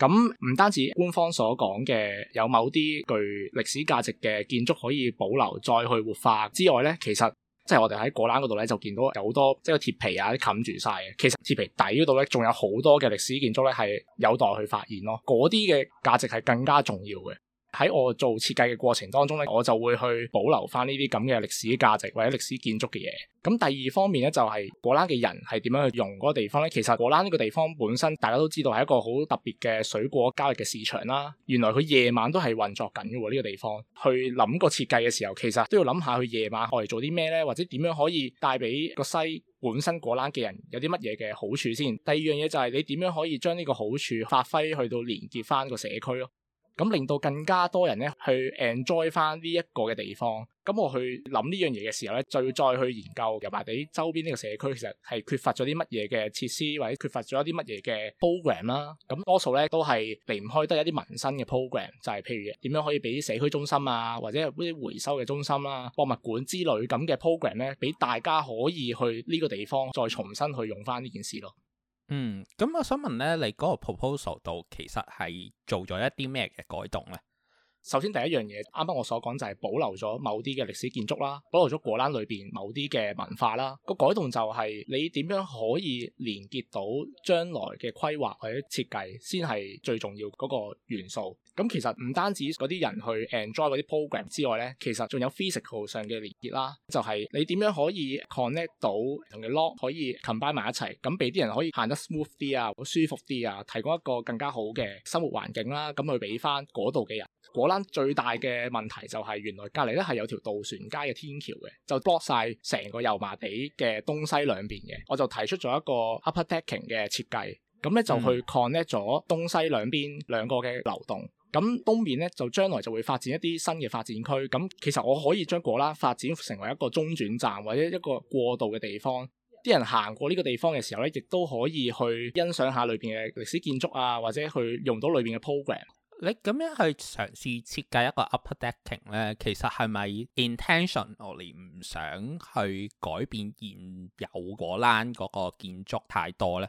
咁唔單止官方所講嘅有某啲具歷史價值嘅建築可以保留再去活化之外咧，其實即係我哋喺果欄嗰度咧就見到有好多即係個鐵皮啊啲冚住晒嘅，其實鐵皮底嗰度咧仲有好多嘅歷史建築咧係有待去發現咯，嗰啲嘅價值係更加重要嘅。喺我做設計嘅過程當中咧，我就會去保留翻呢啲咁嘅歷史價值或者歷史建築嘅嘢。咁第二方面咧，就係果欄嘅人係點樣去用嗰個地方咧？其實果欄呢個地方本身大家都知道係一個好特別嘅水果交易嘅市場啦。原來佢夜晚都係運作緊嘅喎呢個地方。去諗個設計嘅時候，其實都要諗下去夜晚我哋做啲咩咧，或者點樣可以帶俾個西本身果欄嘅人有啲乜嘢嘅好處先。第二樣嘢就係你點樣可以將呢個好處發揮去到連結翻個社區咯。咁令到更加多人咧去 enjoy 翻呢一個嘅地方。咁我去諗呢樣嘢嘅時候咧，就要再去研究油麻地周邊呢個社區其實係缺乏咗啲乜嘢嘅設施，或者缺乏咗一啲乜嘢嘅 program 啦。咁多數咧都係離唔開得一啲民生嘅 program，就係譬如點樣可以俾社區中心啊，或者啲回收嘅中心啊、博物館之類咁嘅 program 咧，俾大家可以去呢個地方再重新去用翻呢件事咯。嗯，咁我想問咧，你嗰個 proposal 度其實係做咗一啲咩嘅改動咧？首先第一樣嘢，啱啱我所講就係保留咗某啲嘅歷史建築啦，保留咗果欄裏邊某啲嘅文化啦。個改動就係你點樣可以連結到將來嘅規劃或者設計，先係最重要嗰個元素。咁、嗯、其實唔單止嗰啲人去 enjoy 嗰啲 program 之外咧，其實仲有 physical 上嘅連結啦，就係、是、你點樣可以 connect 到同嘅 lock 可以 combine 埋一齊，咁俾啲人可以行得 smooth 啲啊，舒服啲啊，提供一個更加好嘅生活環境啦、啊，咁、嗯、去俾翻嗰度嘅人最大嘅問題就係原來隔離咧係有條渡船街嘅天橋嘅，就 block 曬成個油麻地嘅東西兩邊嘅。我就提出咗一個 upper decking 嘅設計，咁咧就去 connect 咗東西兩邊兩個嘅流動。咁東面咧就將來就會發展一啲新嘅發展區。咁其實我可以將果欄發展成為一個中轉站或者一個過渡嘅地方。啲人行過呢個地方嘅時候咧，亦都可以去欣賞下裏邊嘅歷史建築啊，或者去用到裏邊嘅 program。你咁樣去嘗試設計一個 updating 咧，其實係咪 intentionally 唔想去改變現有嗰欄嗰個建築太多咧？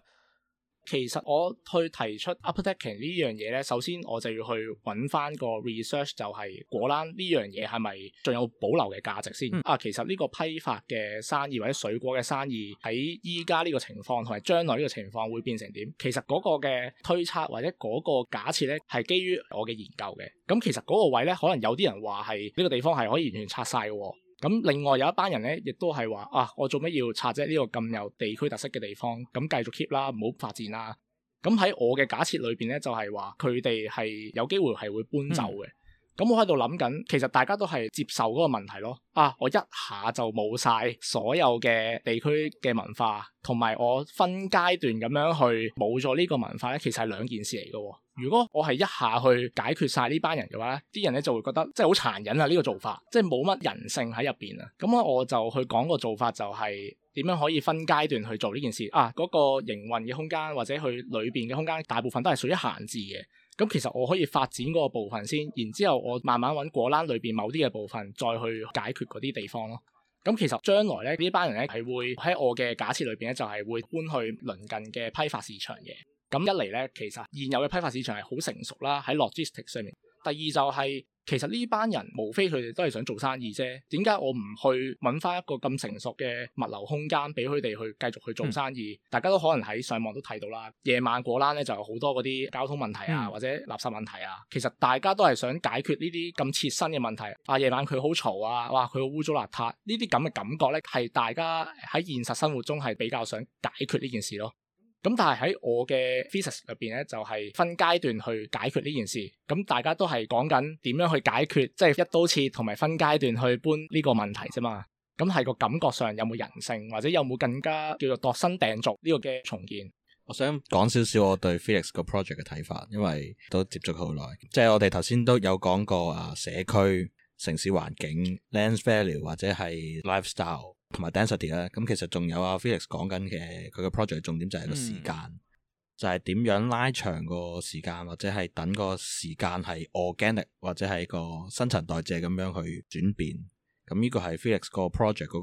其實我去提出 uptake 呢樣嘢呢，首先我就要去揾翻個 research，就係果欄呢樣嘢係咪仲有保留嘅價值先？嗯、啊。其實呢個批發嘅生意或者水果嘅生意喺依家呢個情況同埋將來呢個情況會變成點？其實嗰個嘅推測或者嗰個假設呢，係基於我嘅研究嘅。咁其實嗰個位呢，可能有啲人話係呢個地方係可以完全拆晒。咁另外有一班人呢，亦都係話啊，我做咩要拆啫？呢個咁有地區特色嘅地方，咁繼續 keep 啦，唔好發展啦。咁喺我嘅假設裏面呢，就係話佢哋係有機會係會搬走嘅。嗯咁我喺度諗緊，其實大家都係接受嗰個問題咯。啊，我一下就冇晒所有嘅地區嘅文化，同埋我分階段咁樣去冇咗呢個文化咧，其實係兩件事嚟噶。如果我係一下去解決晒呢班人嘅話咧，啲人咧就會覺得即係好殘忍啊！呢、這個做法即係冇乜人性喺入邊啊。咁我我就去講個做法、就是，就係點樣可以分階段去做呢件事。啊，嗰、那個營運嘅空間或者佢裏邊嘅空間，大部分都係屬於限制嘅。咁其實我可以發展嗰個部分先，然之後我慢慢揾果欄裏邊某啲嘅部分，再去解決嗰啲地方咯。咁其實將來咧，呢班人咧係會喺我嘅假設裏邊咧，就係會搬去鄰近嘅批發市場嘅。咁一嚟咧，其實現有嘅批發市場係好成熟啦，喺 Logistics 上面。第二就係、是，其實呢班人無非佢哋都係想做生意啫。點解我唔去揾翻一個咁成熟嘅物流空間俾佢哋去繼續去做生意？嗯，大家都可能喺上網都睇到啦。夜晚果欄咧就有好多嗰啲交通問題啊，或者垃圾問題啊。其實大家都係想解決呢啲咁切身嘅問題。啊，夜晚佢好嘈啊，哇，佢好污糟邋遢，呢啲咁嘅感覺咧，係大家喺現實生活中係比較想解決呢件事咯。咁但係喺我嘅 thesis 入邊咧，就係分階段去解決呢件事。咁大家都係講緊點樣去解決，即係一刀切同埋分階段去搬呢個問題啫嘛。咁係個感覺上有冇人性，或者有冇更加叫做度身訂造呢個嘅重建？我想講少少我對 Felix 個 project 嘅睇法，因為都接觸好耐。即係我哋頭先都有講過啊，社區、城市環境、land value 或者係 lifestyle。同埋 density 啦，咁其實仲有啊 Felix 講緊嘅佢個 project 重點就係個時間，嗯、就係點樣拉長個時間或者係等個時間係 organic 或者係個新陳代謝咁樣去轉變。咁、嗯、呢個係 Felix 個 project 嗰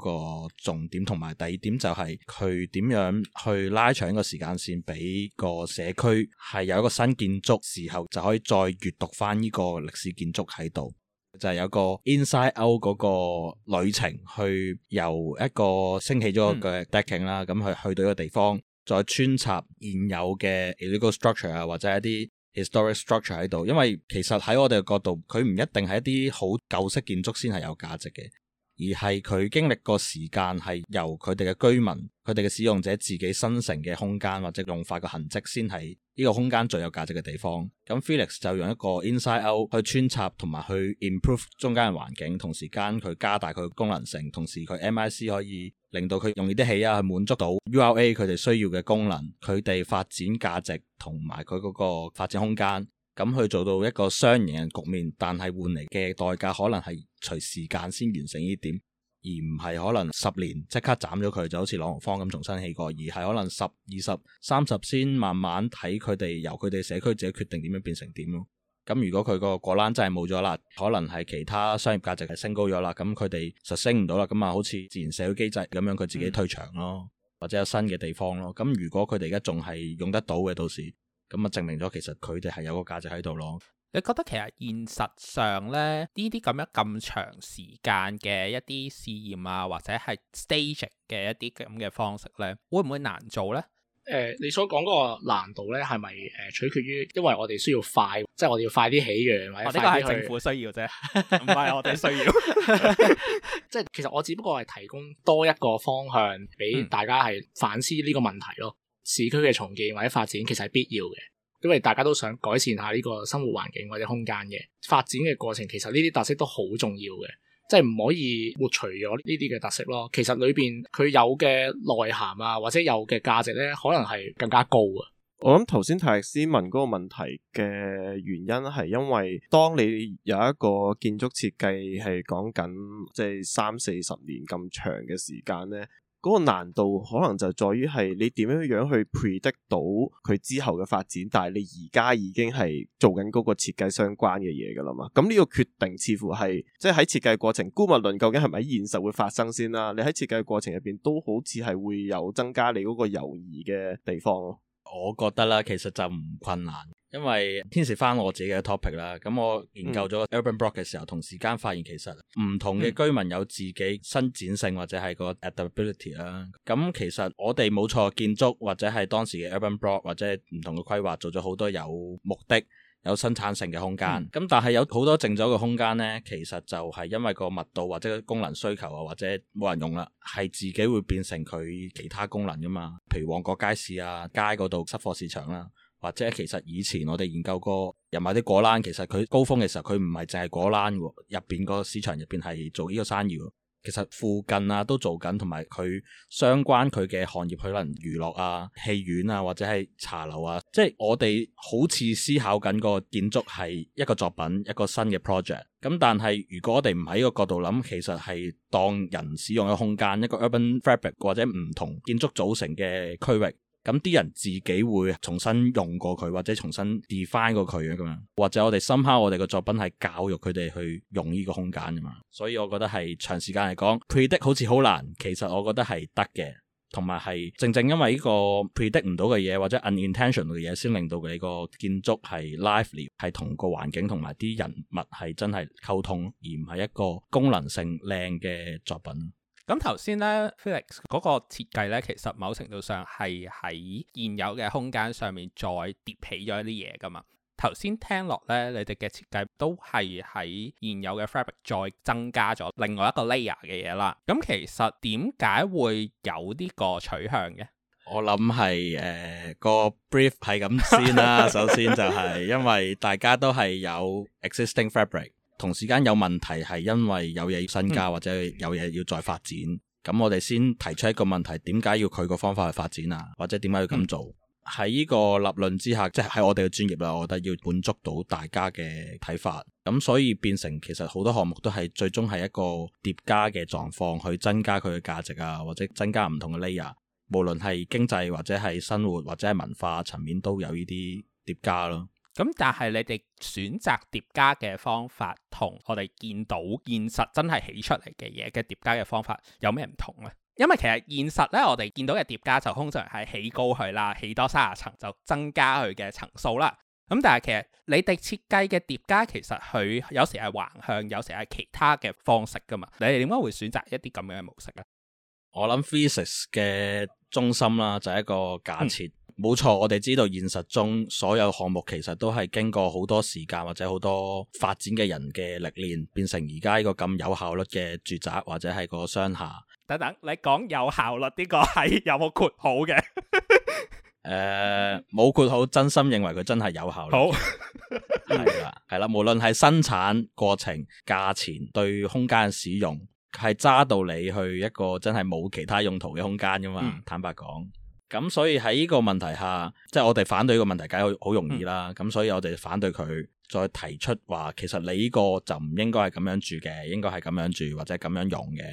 個重點同埋第二點，就係佢點樣去拉長個時間線，俾個社區係有一個新建築時候就可以再閱讀翻呢個歷史建築喺度。就係有個 inside out 嗰個旅程，去由一個升起咗個 decking 啦，嗯，咁去去到一個地方，再穿插現有嘅 illegal structure 啊，或者一啲 historic structure 喺度，因為其實喺我哋嘅角度，佢唔一定係一啲好舊式建築先係有價值嘅。而係佢經歷過時間係由佢哋嘅居民、佢哋嘅使用者自己生成嘅空間或者用法嘅痕跡先係呢個空間最有價值嘅地方。咁 Felix 就用一個 inside out 去穿插同埋去 improve 中間嘅環境，同時間佢加大佢嘅功能性，同時佢 MIC 可以令到佢容易啲起呀，去滿足到 URA 佢哋需要嘅功能、佢哋發展價值同埋佢嗰個發展空間，咁去做到一個雙贏嘅局面，但係換嚟嘅代價可能係。隨時間先完成呢點，而唔係可能十年即刻斬咗佢，就好似朗豪坊咁重新起過，而係可能十二十三十先慢慢睇佢哋由佢哋社區自己決定點樣變成點咯。咁如果佢個過真制果欄真係冇咗啦，可能係其他商業價值係升高咗啦，咁佢哋實升唔到啦，咁啊好似自然社會機制咁樣佢自己退場咯，或者有新嘅地方咯。咁如果佢哋而家仲係用得到嘅，到時咁啊證明咗其實佢哋係有個價值喺度咯。你覺得其實現實上咧，呢啲咁樣咁長時間嘅一啲試驗啊，或者係 staging 嘅一啲咁嘅方式咧，會唔會難做咧？誒、呃，你所講嗰個難度咧，係咪誒取決於？因為我哋需要快，即係我哋要快啲起樣，或者快啲去。哦、政府需要啫，唔係我哋需要。即係其實我只不過係提供多一個方向俾大家係反思呢個問題咯。嗯、市區嘅重建或者發展其實係必要嘅。因為大家都想改善下呢個生活環境或者空間嘅發展嘅過程，其實呢啲特色都好重要嘅，即係唔可以抹除咗呢啲嘅特色咯。其實裏邊佢有嘅內涵啊，或者有嘅價值咧，可能係更加高啊。我諗頭先提斯文問嗰個問題嘅原因，係因為當你有一個建築設計係講緊即係三四十年咁長嘅時間咧。嗰個難度可能就在於係你點樣樣去 predict 到佢之後嘅發展，但係你而家已經係做緊嗰個設計相關嘅嘢㗎喇嘛，咁呢個決定似乎係即係喺設計過程，姑勿論究竟係咪喺現實會發生先啦？你喺設計過程入邊都好似係會有增加你嗰個猶豫嘅地方囉。我覺得啦，其實就唔困難。因為牽涉翻我自己嘅 topic 啦，咁、嗯、我研究咗 Urban Block 嘅時候，同時間發現其實唔同嘅居民有自己伸展性、嗯、或者係個 Adaptability 啦、啊。咁、嗯、其實我哋冇錯，建築或者係當時嘅 Urban Block 或者唔同嘅規劃，做咗好多有目的、有生產性嘅空間。咁、嗯、但係有好多剩咗嘅空間呢，其實就係因為個密度或者功能需求啊，或者冇人用啦，係自己會變成佢其他功能噶嘛。譬如旺角街市啊，街嗰度濕貨市場啦、啊。或者其實以前我哋研究過入埋啲果欄，其實佢高峰嘅時候，佢唔係淨係果欄喎，入邊個市場入邊係做呢個生意。其實附近啊都做緊，同埋佢相關佢嘅行業，可能娛樂啊、戲院啊，或者係茶樓啊。即係我哋好似思考緊個建築係一個作品、一個新嘅 project。咁但係如果我哋唔喺個角度諗，其實係當人使用嘅空間，一個 urban fabric 或者唔同建築組成嘅區域。咁啲人自己會重新用過佢，或者重新 define 過佢啊咁樣，或者我哋深刻我哋嘅作品係教育佢哋去用呢個空間啊嘛，所以我覺得係長時間嚟講 predict 好似好難，其實我覺得係得嘅，同埋係正正因為呢個 predict 唔到嘅嘢或者 unintention 嘅嘢，先令到你個建築係 lively，係同個環境同埋啲人物係真係溝通，而唔係一個功能性靚嘅作品。咁頭先咧，Felix 嗰個設計咧，其實某程度上係喺現有嘅空間上面再疊起咗一啲嘢㗎嘛。頭先聽落咧，你哋嘅設計都係喺現有嘅 fabric 再增加咗另外一個 layer 嘅嘢啦。咁其實點解會有呢個取向嘅？我諗係誒個 brief 係咁先啦。 首先就係因為大家都係有 existing fabric。同時間有問題係因為有嘢要新加或者有嘢要再發展，咁、嗯、我哋先提出一個問題，點解要佢個方法去發展啊？或者點解要咁做？喺呢、嗯、個立論之下，即係喺我哋嘅專業啦，我覺得要滿足到大家嘅睇法，咁所以變成其實好多項目都係最終係一個疊加嘅狀況，去增加佢嘅價值啊，或者增加唔同嘅 layer，無論係經濟或者係生活或者係文化層面都有呢啲疊加咯。咁但係你哋選擇疊加嘅方法，同我哋見到現實真係起出嚟嘅嘢嘅疊加嘅方法有咩唔同呢？因為其實現實咧，我哋見到嘅疊加就通常係起高佢啦，起多三十層就增加佢嘅層數啦。咁但係其實你哋設計嘅疊加，其實佢有時係橫向，有時係其他嘅方式噶嘛。你哋點解會選擇一啲咁樣嘅模式咧？我諗 physics 嘅中心啦，就係一個假設、嗯。冇錯，我哋知道現實中所有項目其實都係經過好多時間或者好多發展嘅人嘅歷練，變成而家呢個咁有效率嘅住宅或者係個商廈。等等，你講有效率呢、這個係有冇括號嘅？誒、 呃，冇括號，真心認為佢真係有效率。好係啦，係 啦，無論係生產過程、價錢、對空間使用，係揸到你去一個真係冇其他用途嘅空間噶嘛？嗯、坦白講。咁所以喺呢個問題下，即係我哋反對呢個問題梗係好容易啦。咁、嗯、所以我哋反對佢再提出話，其實你呢個就唔應該係咁樣住嘅，應該係咁樣住或者咁樣用嘅，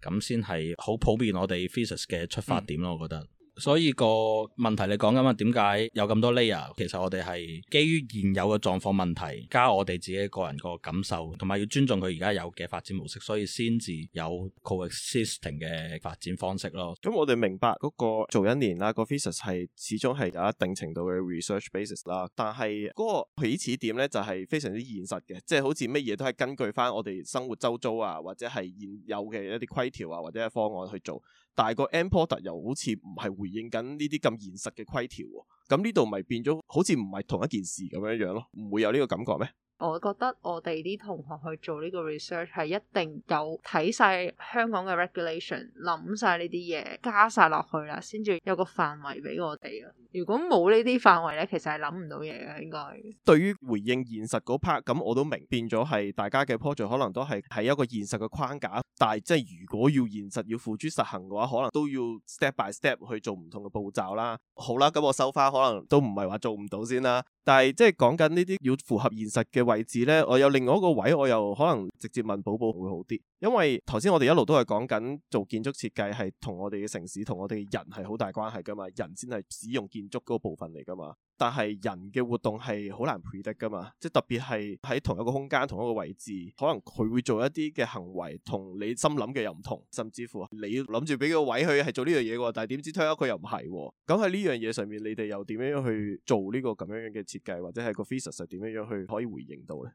咁先係好普遍我哋 thesis 嘅出發點咯，嗯、我覺得。所以個問題你講緊啊，點解有咁多 layer？其實我哋係基於現有嘅狀況問題，加我哋自己個人個感受，同埋要尊重佢而家有嘅發展模式，所以先至有 coexisting 嘅發展方式咯。咁、嗯、我哋明白嗰個做一年啦，個 thesis 係始終係有一定程度嘅 research basis 啦。但係嗰個起始點咧，就係非常之現實嘅，即係好似乜嘢都係根據翻我哋生活周遭啊，或者係現有嘅一啲規條啊，或者係方案去做。但係個 import 又好似唔係回應緊呢啲咁現實嘅規條喎，咁呢度咪變咗好似唔係同一件事咁樣樣咯，唔會有呢個感覺咩？我覺得我哋啲同學去做呢個 research 係一定有睇晒香港嘅 regulation，諗晒呢啲嘢，加晒落去啦，先至有個範圍俾我哋啊。如果冇呢啲範圍咧，其實係諗唔到嘢嘅，應該。對於回應現實嗰 part，咁我都明變咗係大家嘅 project 可能都係喺一個現實嘅框架。但係即係如果要現實要付諸實行嘅話，可能都要 step by step 去做唔同嘅步驟啦。好啦，咁我收返，可能都唔係話做唔到先啦。但係即係講緊呢啲要符合現實嘅位置呢，我有另外一個位，我又可能直接問寶寶會好啲，因為頭先我哋一路都係講緊做建築設計係同我哋嘅城市同我哋嘅人係好大關係噶嘛，人先係使用建築嗰個部分嚟噶嘛。但係人嘅活動係好難配得 e 噶嘛，即係特別係喺同一個空間同一個位置，可能佢會做一啲嘅行為，同你心諗嘅又唔同，甚至乎你諗住俾個位佢係做呢樣嘢嘅，但係點知聽下佢又唔係，咁喺呢樣嘢上面，你哋又點樣去做呢個咁樣樣嘅設計，或者係個 p h y s i 點樣樣去可以回應到呢？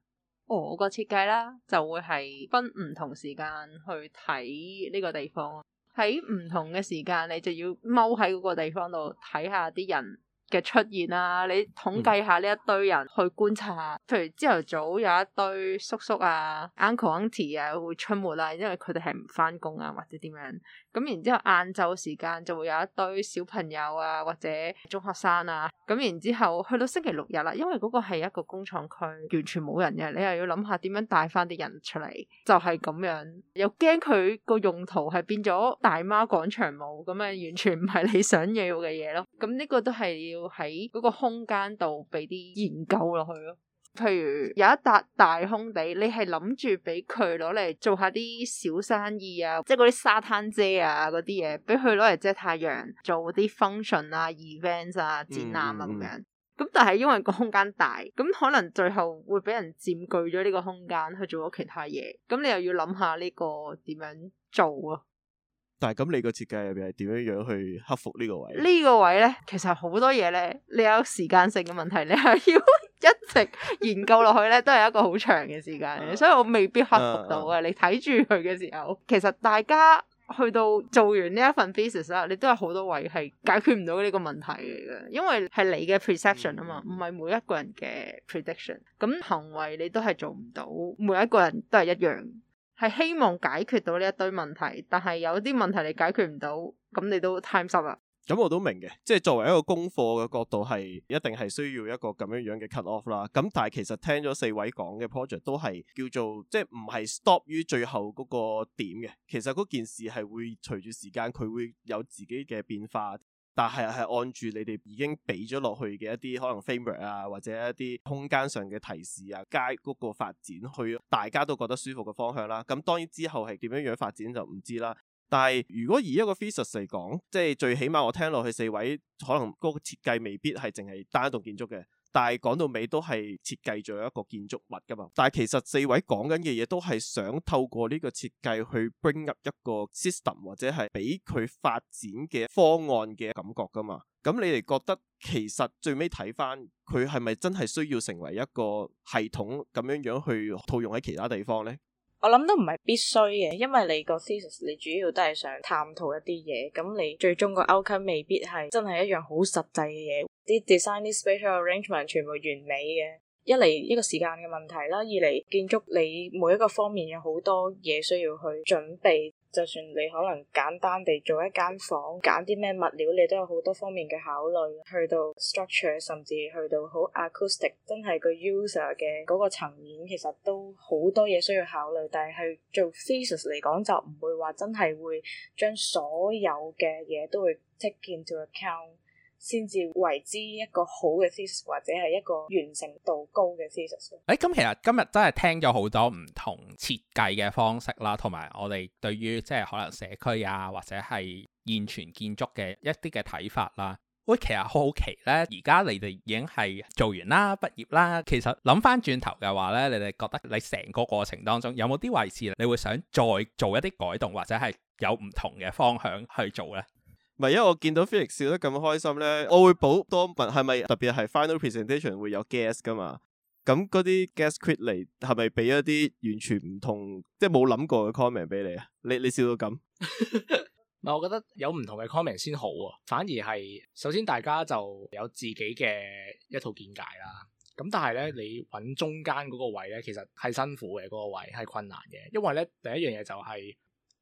我個設計啦，就會係分唔同時間去睇呢個地方，喺唔同嘅時間，你就要踎喺嗰個地方度睇下啲人。嘅出現啊！你統計下呢一堆人去觀察下，譬如朝頭早有一堆叔叔啊、uncle auntie 啊會出沒啊，因為佢哋係唔翻工啊或者點樣咁，然之後晏晝時間就會有一堆小朋友啊或者中學生啊，咁然之後去到星期六日啦，因為嗰個係一個工廠區，完全冇人嘅，你又要諗下點樣帶翻啲人出嚟，就係、是、咁樣，又驚佢個用途係變咗大媽廣場舞咁啊，完全唔係你想要嘅嘢咯。咁、這、呢個都係要。要喺嗰個空間度俾啲研究落去咯，譬如有一笪大空地，你係諗住俾佢攞嚟做下啲小生意啊，即係嗰啲沙灘遮啊嗰啲嘢，俾佢攞嚟遮太陽，做啲 function 啊、events 啊、展覽啊咁樣。咁、嗯嗯嗯、但係因為個空間大，咁可能最後會俾人佔據咗呢個空間去做咗其他嘢，咁你又要諗下呢、這個點樣做啊？但係咁，你個設計入邊係點樣樣去克服呢個位呢？呢個位咧，其實好多嘢咧，你有時間性嘅問題，你係要一直研究落去咧， 都係一個好長嘅時間嘅， 所以我未必克服到啊！ 你睇住佢嘅時候，其實大家去到做完呢一份 thesis 啦，你都有好多位係解決唔到呢個問題嘅，因為係你嘅 perception 啊嘛，唔係、嗯、每一個人嘅 prediction。咁行為你都係做唔到，每一個人都係一樣。係希望解決到呢一堆問題，但係有啲問題你解決唔到，咁你都 time out 啦。咁我都明嘅，即係作為一個功課嘅角度，係一定係需要一個咁樣樣嘅 cut off 啦。咁但係其實聽咗四位講嘅 project 都係叫做即係唔係 stop 於最後嗰個點嘅，其實嗰件事係會隨住時間佢會有自己嘅變化。但係係按住你哋已經俾咗落去嘅一啲可能 fabric 啊，或者一啲空間上嘅提示啊，街嗰個發展去大家都覺得舒服嘅方向啦。咁當然之後係點樣樣發展就唔知啦。但係如果以一個 feasus 嚟講，即係最起碼我聽落去四位可能嗰個設計未必係淨係單一棟建築嘅。但係講到尾都係設計咗一個建築物噶嘛，但係其實四位講緊嘅嘢都係想透過呢個設計去 bring up 一個 system 或者係俾佢發展嘅方案嘅感覺噶嘛，咁你哋覺得其實最尾睇翻佢係咪真係需要成為一個系統咁樣樣去套用喺其他地方呢？我諗都唔係必須嘅，因為你個 thesis 你主要都係想探討一啲嘢，咁你最終個 outcome 未必係真係一樣好實際嘅嘢，啲 design 啲 spatial arrangement 全部完美嘅，一嚟呢個時間嘅問題啦，二嚟建築你每一個方面有好多嘢需要去準備。就算你可能簡單地做一間房，揀啲咩物料，你都有好多方面嘅考慮。去到 structure，甚至去到好 acoustic，真係個 user 嘅嗰個層面，其實都好多嘢需要考慮。但係去做 thesis 嚟講，就唔會話真係會將所有嘅嘢都會 take into account。先至為之一個好嘅 thesis，或者係一個完成度高嘅 thesis。誒，咁其實今日真係聽咗好多唔同設計嘅方式啦，同埋我哋對於即係可能社區啊，或者係現存建築嘅一啲嘅睇法啦。喂，其實好奇呢，而家你哋已經係做完啦、畢業啦。其實諗翻轉頭嘅話呢，你哋覺得你成個過程當中有冇啲位置，你會想再做一啲改動，或者係有唔同嘅方向去做呢？唔係，因為我見到 Felix 笑得咁開心咧，我會補多問係咪特別係 final presentation 會有 guest 㗎嘛？咁嗰啲 guest 嚟係咪俾一啲完全唔同，即係冇諗過嘅 comment 俾你啊？你你笑到咁？唔 我覺得有唔同嘅 comment 先好啊。反而係首先大家就有自己嘅一套見解啦。咁但係咧，你揾中間嗰個位咧，其實係辛苦嘅嗰、嗰個位係困難嘅，因為咧第一樣嘢就係、是。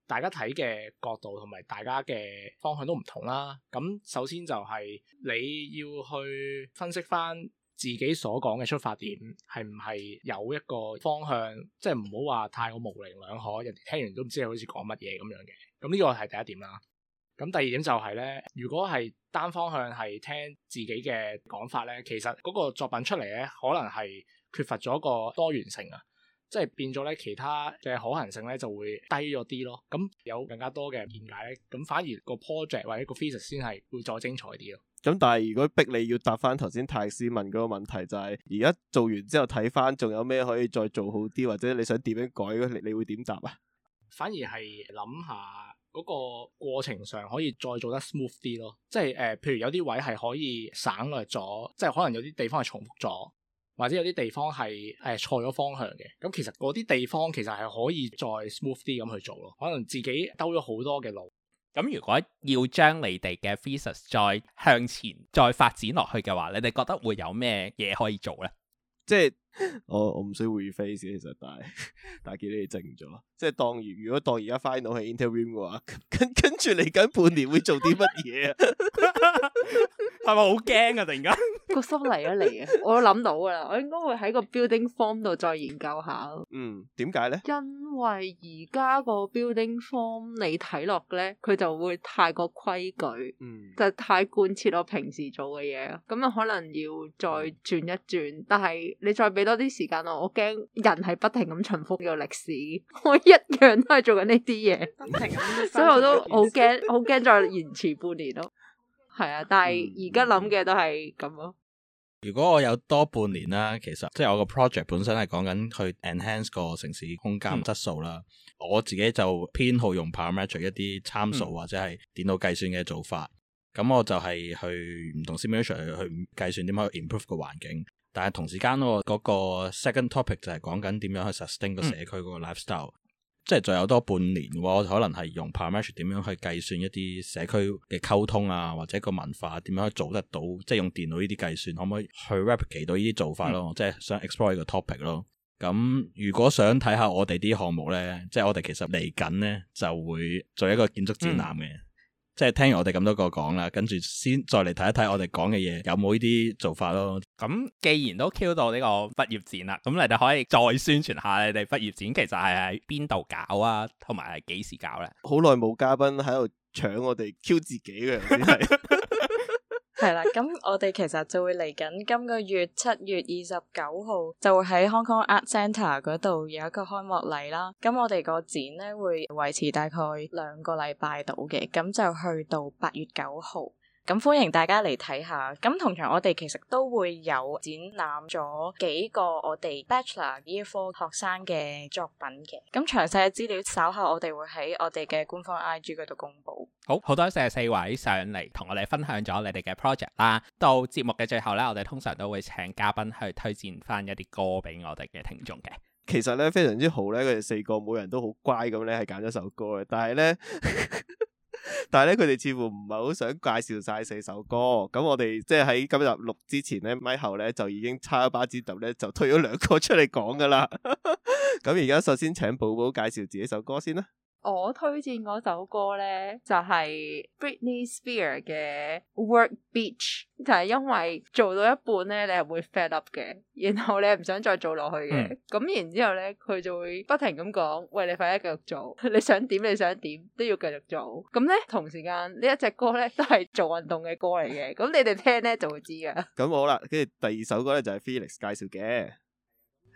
大家睇嘅角度同埋大家嘅方向都唔同啦。咁首先就係你要去分析翻自己所講嘅出發點，係唔係有一個方向？即係唔好話太過模棱兩可，人哋聽完都唔知你好似講乜嘢咁樣嘅。咁呢個係第一點啦。咁第二點就係、是、咧，如果係單方向係聽自己嘅講法咧，其實嗰個作品出嚟咧，可能係缺乏咗個多元性啊。即係變咗咧，其他嘅可行性咧就會低咗啲咯。咁有更加多嘅見解咧，咁反而個 project 或者個 feasibility 先係會再精彩啲咯。咁但係如果逼你要答翻頭先泰斯問嗰個問題，就係而家做完之後睇翻，仲有咩可以再做好啲，或者你想點樣改你你會點答啊？反而係諗下嗰個過程上可以再做得 smooth 啲咯。即係誒、呃，譬如有啲位係可以省略咗，即係可能有啲地方係重複咗。或者有啲地方係誒錯咗方向嘅，咁其實嗰啲地方其實係可以再 smooth 啲咁去做咯。可能自己兜咗好多嘅路。咁如果要將你哋嘅 thesis 再向前再發展落去嘅話，你哋覺得會有咩嘢可以做呢？即係。哦、我我唔需要會 face 其實，但係但係見你靜咗，即係當如如果當而家 final 係 interview 嘅話，跟跟住嚟緊半年會做啲乜嘢啊？係咪好驚啊？突然間個心嚟咗嚟啊！我諗到㗎喇，我應該會喺個 building form 度再研究下。嗯，點解咧？因為而家個 building form 你睇落咧，佢就會太過規矩，嗯，就係太貫徹我平時做嘅嘢，咁啊可能要再轉一轉。嗯、但係你再俾俾多啲時間我，我驚人係不停咁重複個歷史，我一樣都係做緊呢啲嘢， 所以我都好驚，好驚 再延遲半年咯。係啊，但係而家諗嘅都係咁咯。如果我有多半年啦，其實即係我個 project 本身係講緊去 enhance 個城市空間質素啦。嗯、我自己就偏好用 parametric 一啲參數、嗯、或者係電腦計算嘅做法，咁我就係去唔同 simulation 去計算點樣去 improve 個環境。但係同時間我嗰、嗰個 second topic 就係講緊點樣去 sustain 個社區嗰個 lifestyle，即係仲有多半年，我可能係用 parametric 點樣去計算一啲社區嘅溝通啊，或者個文化點樣去做得到，即係用電腦呢啲計算，可唔可以去 replicate 到呢啲做法咯？嗯、即係想 explore 呢個 topic 咯。咁、嗯、如果想睇下我哋啲項目咧，即係我哋其實嚟緊咧就會做一個建築展覽嘅，嗯、即係聽完我哋咁多個講啦，跟住先再嚟睇一睇我哋講嘅嘢有冇呢啲做法咯。咁既然都 Q 到呢個畢業展啦，咁你哋可以再宣傳下你哋畢業展，其實係喺邊度搞啊，同埋係幾時搞咧、啊？好耐冇嘉賓喺度搶我哋 Q 自己嘅，係啦。咁我哋其實就會嚟緊今個月七月二十九號，就會喺 Hong Kong Art Centre 嗰度有一個開幕禮啦。咁我哋個展咧會維持大概兩個禮拜到嘅，咁就去到八月九號。咁歡迎大家嚟睇下。咁同場我哋其實都會有展覽咗幾個我哋 Bachelor Year 4學生嘅作品嘅，咁詳細嘅資料稍後我哋會喺我哋嘅官方 IG 嗰度公布。好，好多謝四位上嚟同我哋分享咗你哋嘅 project 啦。到節目嘅最後呢，我哋通常都會請嘉賓去推薦翻一啲歌俾我哋嘅聽眾嘅。其實呢，非常之好呢，佢哋四個每人都好乖咁呢，係揀咗首歌嘅，但係呢。 但係咧，佢哋似乎唔係好想介紹晒四首歌。咁我哋即係喺今日錄之前咧，咪 後咧就已經差一巴之頭咧，就推咗兩個出嚟講噶啦。咁而家首先請寶寶介紹自己首歌先啦。我推薦嗰首歌呢，就係、是、Britney Spears 嘅 Work Bitch 就係因為做到一半呢，你係會 fed up 嘅，然後你係唔想再做落去嘅，咁、嗯、然之後咧，佢就會不停咁講，喂，你快啲繼續做，你想點你想點，都要繼續做，咁呢，同時間呢一隻歌呢都係做運動嘅歌嚟嘅，咁你哋聽呢就會知㗎。咁好啦，跟住第二首歌呢，就係、是、Felix 介紹嘅。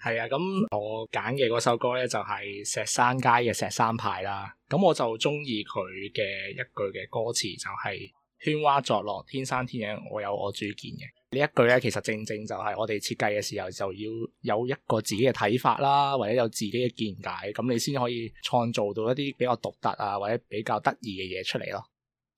係啊，咁我揀嘅嗰首歌咧就係《石山街嘅石山派》啦。咁我就中意佢嘅一句嘅歌詞就係：喧嘩作樂，天生天影，我有我主見嘅。呢一句咧，其實正正就係我哋設計嘅時候就要有一個自己嘅睇法啦，或者有自己嘅見解，咁你先可以創造到一啲比較獨特啊，或者比較得意嘅嘢出嚟咯。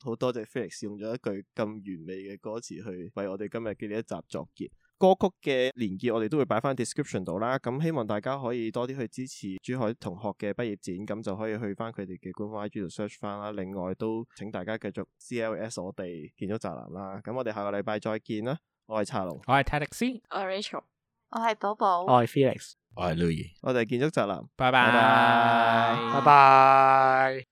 好多謝 Felix 用咗一句咁完美嘅歌詞去為我哋今日嘅呢一集作結。歌曲嘅連結我哋都會擺翻 description 度啦，咁希望大家可以多啲去支持珠海同學嘅畢業展，咁就可以去翻佢哋嘅官方 IG 度 search 翻啦。另外都請大家繼續 CLS 我哋建築宅男啦，咁我哋下個禮拜再見啦。我係查龍，我係泰迪斯，我係 Rachel，我係寶寶，我係 Felix，我係 Louis，我哋建築宅男，拜拜，拜拜。